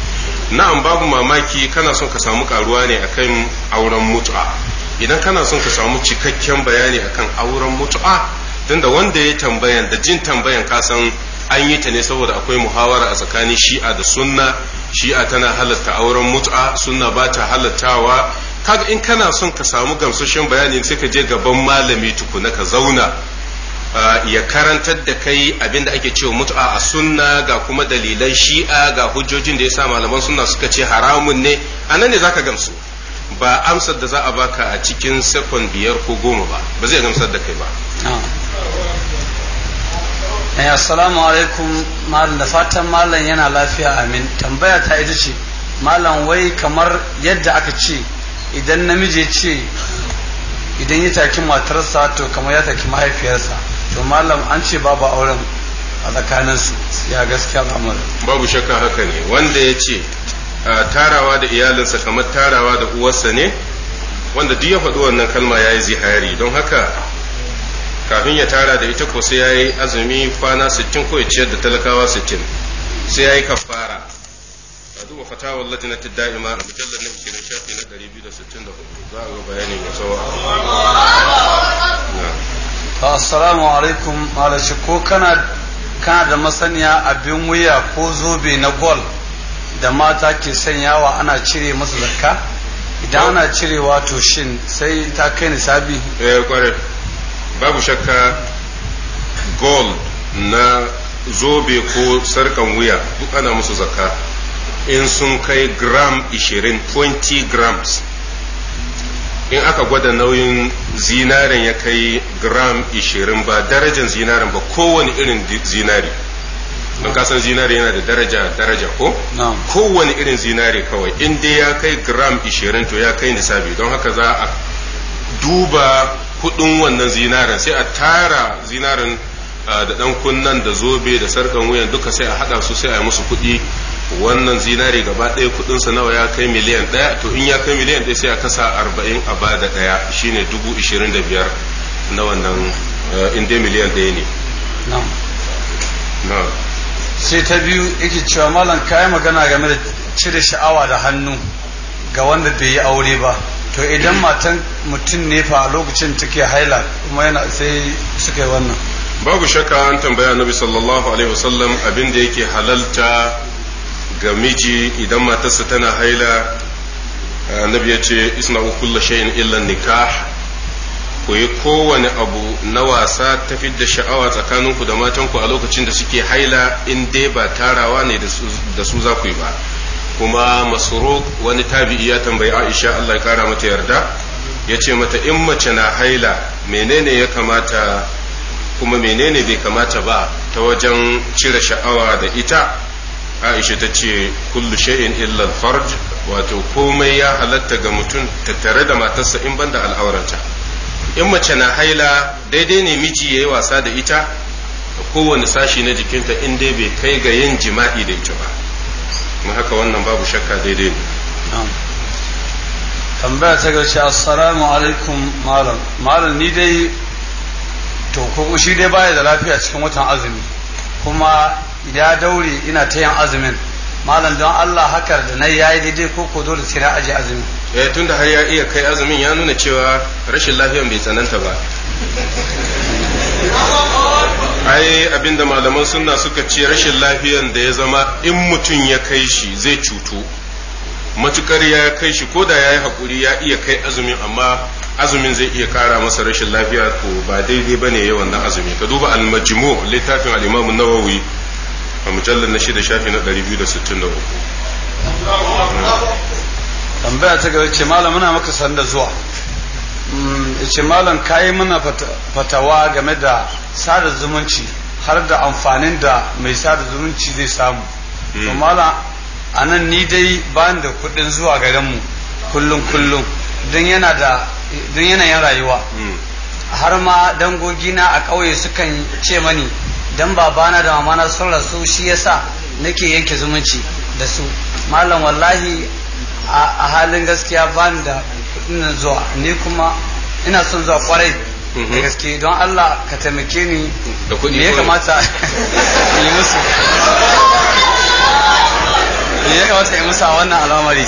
na'am babu mamaki kana son ka samu karuwa ne akan auren mut'a idan kana son ka samu cikakken bayani akan auren mut'a tunda wanda ya tambayan da jin tambayan kasan an yi ta ne saboda akwai muhawara a tsakanin shi'a da sunna shi'a tana halatta auren mut'a sunna ba ta halattawa kaga in kana son ka samu gamsashen bayani sai ka je gaban malami tukuna ka zauna ya karantar da kai abin da ake cewa mut'a a sunna ga kuma dalilan shi'a ga hujjojin da yasa malaman sunna suka ce haramun ne a ne zaka gamsu ba amsar da za a baka a cikin sekon biyar ko goma ba ba zai gamsar da kai ba Eh, assalamu alaikum malam da fatan malam yana lafiya amin tambaya ta ita ce malam wai kamar yadda aka ce idan namiji ce idan ya taki matarsa to kamar ya taki mahaifiyarsa to malam an ce babu auren a tsakaninsu ya gaskiya al'amur babu shakka haka ne wanda ya ce tarawa da iyalinsa kamar tarawa da uwarsa ne wanda duk ya faɗi wannan kalma ya yi zihari don haka kafin ya tara da ita ko sai ya yi azumi kwana 60 ko ya ciyar da talakawa 60 sai ya yi kafara a duba fatawar ta da'ima a mujallar na ikirin shafi na 264 za a ga bayani mai tsawo assalamu alaikum malashi ko kana kana da masaniya abin wuya ko zobe na gol da mata ke sanyawa ana cire masa zakka idan ana cirewa to shin sai ta kai nisabi eh kware babu shakka gold na zobe ko sarkan wuya duk ana musu zakka in sun kai gram 20 20 grams in aka gwada nauyin zinarin ya kai gram 20 ba darajar zinarin ba kowane irin zinari don kasan zinari yana da daraja daraja ko kowane irin zinari kawai in dai ya kai gram 20 to ya kai nisabi don haka za a duba kudin wannan zinaren sai a tara zinaren ah, da dan kunnan da zobe da sarkan wuyan duka sai a hada su sai a yi musu kudi wannan zinari gaba ɗaya sa nawa ya kai miliyan ɗaya to in ya kai miliyan ɗaya sai a kasa arba'in a ba da ɗaya shine dubu ishirin da biyar na wannan ah, in dai miliyan ɗaya ne sai ta biyu yake cewa malam kayan magana game da cire sha'awa da hannu ga wanda bai yi aure ba to idan matan mutum ne fa lokacin take haila kuma yana sai suka yi wannan babu shakka an tambaya nabi sallallahu alaihi wasallam abin da yake halalta ga miji idan matarsa tana haila annabi ya ce isna kulla shay'in illa nikah ku yi kowane abu na wasa ta da sha'awa tsakaninku da matanku a lokacin da suke haila in dai ba tarawa ne da su za ku yi ba kuma masruq wani tabi'i ya tambayi aisha Allah ya kara mata yarda yace mata in mace na haila menene ya kamata kuma menene bai kamata ba ta wajen cire sha'awa da ita aisha ta ce kullu shay'in illa farj wato komai ya halatta ga mutum tare da matarsa in banda al'aurata in mace na haila daidai ne miji yayi wasa da ita kowane sashi na jikinta in dai bai kai ga yin jima'i da ita ba kuma haka wannan babu shakka daidai ne tambaya ta gaci assalamu alaikum malam malam ni dai to kuma shi dai baya da lafiya cikin watan azumi kuma ya daure ina ta yin azumin malam don Allah hakar da na yayi daidai ko ko dole sai na aje azumi. eh tunda har ya iya kai azumin ya nuna cewa rashin lafiyan bai tsananta ba ai abinda malaman sunna suka ce rashin lafiyan da ya zama in mutum ya kai shi zai cutu matukar ya kai shi ko da ya yi haƙuri ya iya kai azumin amma azumin zai iya kara masa rashin lafiya ko ba daidai ba ne yawan nan azumi ka duba almajimu littafin al'imamu nawawi a mujallar na shida shafi na 263 tambaya ta gaba ce malam muna maka sanda zuwa Mm, ce malam ka yi mana fatawa game da sada zumunci har da amfanin da mai sada zumunci zai samu mm. to malam a nan ni dai bayan da kudin zuwa garinmu kullum kullum don yanayin rayuwa mm. har ma dangogina a ƙauye sukan ce mani dan babana da mamana sun rasu shi yasa nake yanke zumunci da su malam wallahi a halin gaskiya ban da ina zuwa ni kuma ina son zuwa kwarai mhm. da gaske don Allah ka taimake ni da kuɗi ne. ya kamata yi musu me ya kamata yi musu a wannan al'amari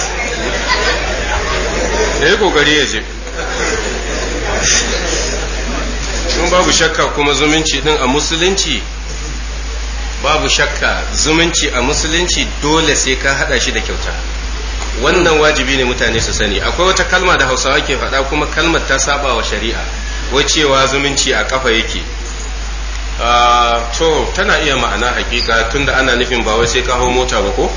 da ya kokari ya je tun babu shakka kuma zumunci din a musulunci babu shakka zumunci a musulunci dole sai ka hada shi da kyauta wannan wajibi ne mutane su sani akwai wata kalma da hausawa ke faɗa kuma kalmar ta saba wa shari'a wai cewa zumunci a kafa yake ah, to tana iya ma'ana hakika tunda ana nufin ba wai sai ka hau mota ba ko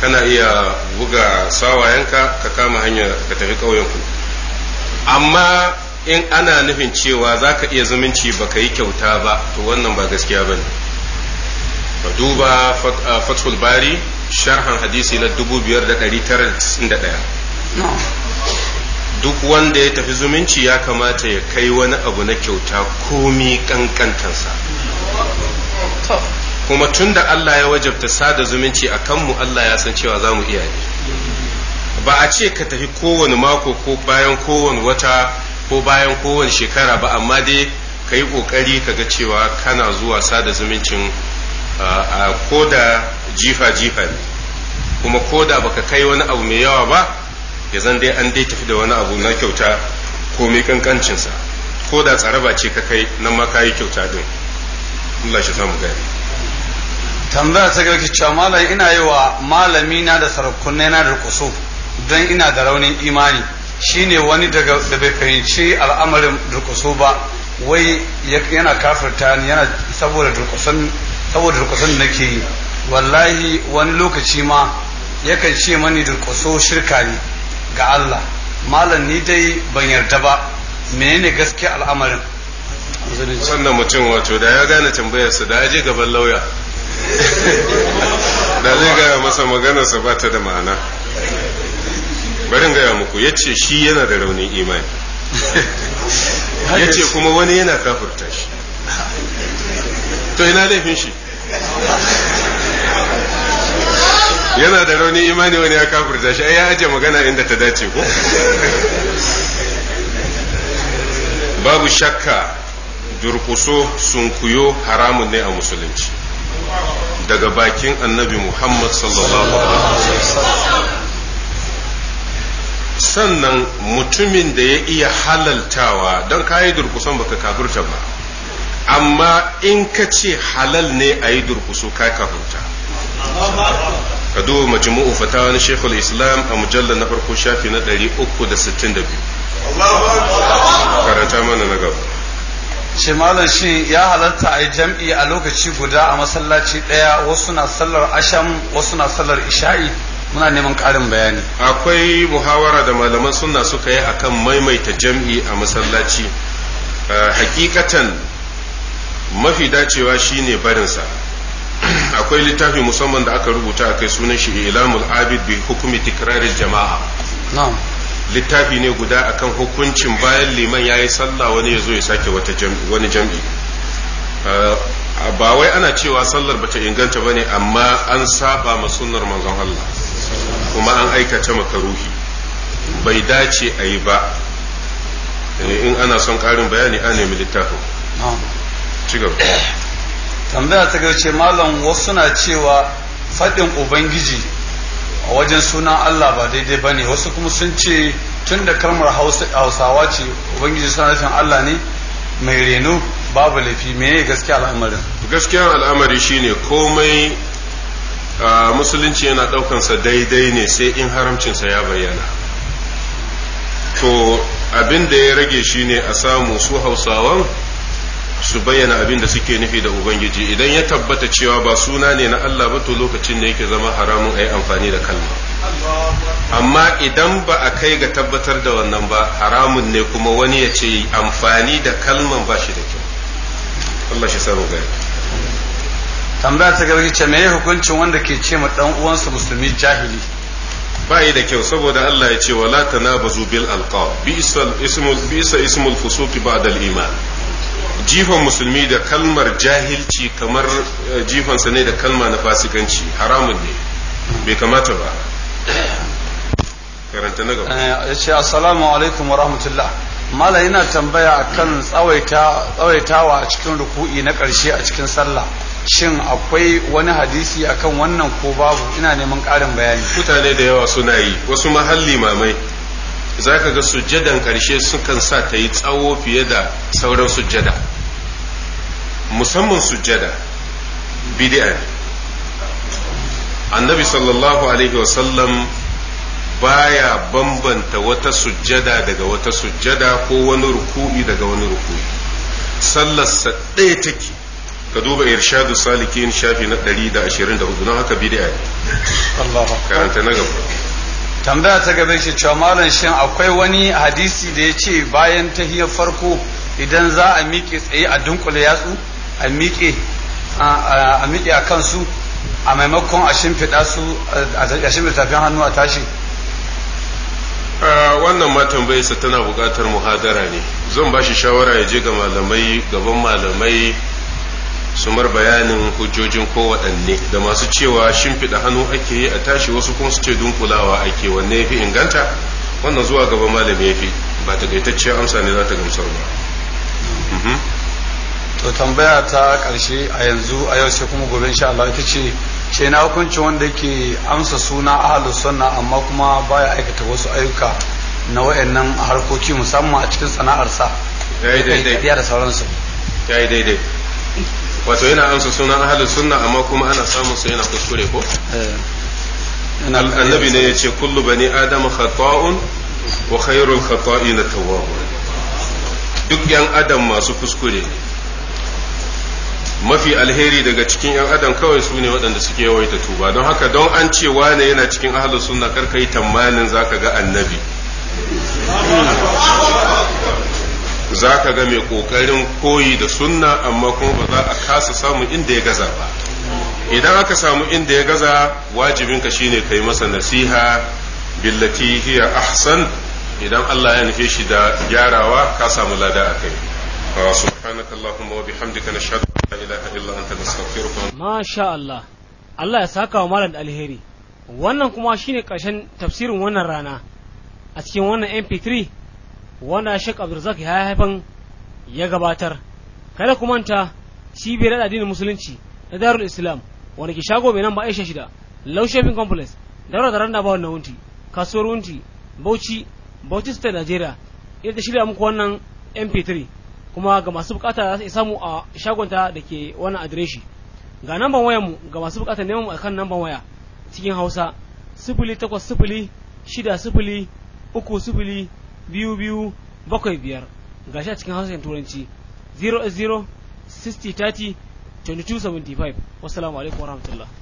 kana iya buga sawayenka ka kama hanya ka tafi ƙauyenku amma in ana nufin cewa za ka iya zumunci ba ka yi kyauta ba to wannan ba gaskiya ba ne duba ah, fathul bari sharhan hadisi na 5991 duk wanda ya tafi zumunci ya kamata ya kai wani abu na kyauta komi kankantansa kuma tun da Allah ya wajabta sada zumunci a kanmu Allah ya san cewa za mu iya ne ba a ce ka tafi kowane mako ko bayan kowane wata ko bayan kowane shekara ba amma dai ka yi ƙoƙari ka ga cewa kana zuwa sada zumuncin a koda jifa jifa ne kuma ko da baka kai wani abu mai yawa ba ya zan dai an dai tafi da wani abu na kyauta ko mai kankancinsa ko da tsaraba ce ka kai nan ma kayi kyauta din Allah shi samu gani tambaya ta garki cewa malam ina yi wa malami na da sarakunai na da kuso don ina da raunin imani shine wani daga da bai fahimci al'amarin durkuso ba wai yana kafirta ni yana saboda durkusan saboda durkusan nake yi wallahi wani lokaci ma yakan ce mani durƙuso shirka ne ga Allah malam ni dai ban yarda ba menene gaskiya al'amarin wannan mutum wato da ya gane tambayarsa da ya je gaban lauya da zai gaya masa maganarsa ba ta da ma'ana barin gaya muku ya ce shi yana da raunin imani ya ce kuma wani yana kafurta shi to ina laifin shi yana da rauni imani wani ya kafirta shi ai ya ajiye magana inda ta dace ko babu shakka durkuso sunkuyo haramun ne a musulunci daga bakin annabi muhammad sallallahu alaihi sannan mutumin da ya iya halaltawa don ka yi durkuson baka kafirta ba amma in ka ce halal ne a yi durkuso ka kafirta ka duba majmu'u fatawan shekul islam a mujallar na farko shafi na 362 karanta mana na gaba ce malam shi ya halarta a yi jam'i a lokaci guda a masallaci ɗaya wasu na sallar asham wasu na sallar isha'i muna neman ƙarin bayani akwai muhawara da malaman suna suka yi akan maimaita jam'i a masallaci eh, hakikatan mafi dacewa shine barinsa akwai littafi musamman da aka rubuta a kai sunan shi ilamul abid bi hukumi jama'a littafi ne guda akan hukuncin bayan liman ya yi sallah wani ya zo ya sake wani jam'i uh, ba wai ana cewa sallar bata inganta ba ne amma an saba ma sunnar manzon Allah kuma an aikata makaruhi bai dace a yi ba eh, in ana son karin bayani a nemi littafin ci tambaya ta gace malam wasu na cewa faɗin ubangiji a wajen sunan Allah ba daidai ba ne wasu kuma sun ce tun da kalmar hausawa ce ubangiji suna nufin Allah ne mai reno babu laifi me gaskiya al'amarin gaskiya al'amari shine komai musulunci yana ɗaukansa daidai ne sai in haramcinsa ya bayyana to abin da ya rage shine a samu su hausawan su bayyana abin da suke nufi da ubangiji idan ya tabbata cewa ba suna ne na Allah ba to lokacin da yake zama haramun a yi amfani da kalma amma idan ba a kai ga tabbatar da wannan ba haramun ne kuma wani ya ce amfani da kalman ba shi da kyau Allah shi samu gari tambaya ta gaba ce me hukuncin wanda ke ce ma dan uwansa musulmi jahili ba yi da kyau saboda Allah ya ce wala tanabazu bil alqab bi ismul bi ismul fusuqi ba'da iman jifan musulmi da kalmar jahilci kamar eh, jifansa ne da kalma na fasikanci haramun ne bai kamata ba karanta na gaba eh, ya ce assalamu alaikum wa rahmatullah mala yana tambaya kan tsawaitawa a cikin ruku'i na ƙarshe a cikin sallah shin akwai wani hadisi akan wannan ko babu ina neman ƙarin bayani mutane da yawa suna yi wasu mahalli mamai za ka ga sujjadan karshe sukan sa ta yi tsawo fiye da sauran sujjada musamman sujjada bid'a ne annabi sallallahu alaihi wasallam baya bambanta wata sujjada daga wata sujjada ko wani ruku'i daga wani ruku'i sallarsa ɗaya take ka duba irshadu salikin shafi na 124 na haka bid'a ne karanta na gaba tambaya ta gaba shi cewa malam shin akwai wani hadisi da ya ce bayan ta hiya farko idan za a miƙe tsaye a dunkule yatsu a miƙe a miƙe a kansu a maimakon a shimfiɗa su a shimfiɗa tafin hannu a tashi wannan matan bai tana buƙatar muhadara ne zan ba shi shawara ya je ga malamai gaban malamai Sumar bayanin hujjojin kowaɗanne da masu cewa shimfiɗa hannu ake yi a tashi wasu kuma su ce dunkulawa ake wanne ya fi inganta wannan zuwa gaba malam ya fi ba ga'itacciyar amsa ne za ta gamsar ba mhm. to tambaya ta ƙarshe a yanzu a yau sai kuma gobe insha Allah ita ce ce na hukuncin wanda yake amsa suna ahlus sunna amma kuma baya aikata wasu ayyuka na wayannan harkoki musamman a cikin sana'arsa yayi daidai da sauransu yayi daidai wato yana amsa sunan ahalin sunna amma kuma ana samun su yana kuskure ko eh, annabi ne ya ce kullu bani adam khata'un wa khairul khata'ina tawwabun duk yan adam masu kuskure mafi alheri daga cikin yan adam kawai su ne waɗanda suke yawaita tuba don haka don an ce wane yana cikin ahalin sunna kar yi tamanin zaka ga annabi za ka ga mai ƙoƙarin koyi da sunna amma kuma ba za a kasa samu inda ya gaza ba idan aka samu inda ya gaza wajibinka shine kai masa nasiha billati hiya ahsan idan Allah ya nufe shi da gyarawa ka samu lada a kai subhanaka allahumma wa bihamdika nashhadu an la ilaha illa anta nastaghfiruka masha Allah Allah ya saka wa malam alheri wannan kuma shine karshen tafsirin wannan rana a cikin wannan mp3 wanda Sheikh Abdulrazak ya haifan ya gabatar kada ku manta cibiyar addinin musulunci na Darul Islam wanda ke shago mai nan ba Aisha shida Low Shaping Complex daura da randa ba wannan wunti kasuwar wunti Bauchi Bauchi State Nigeria ita ta shirya muku wannan MP3 kuma ga masu bukata za su samu a shagonta da ke wannan adireshi ga namban wayar mu ga masu bukata neman mu akan namban waya cikin Hausa sifili sifili shida sifili uku sifili. biyu biyu bakwai biyar ga shi a cikin hausa turanci 0 0 60 30 22 75 wasu alaikum rahmatullah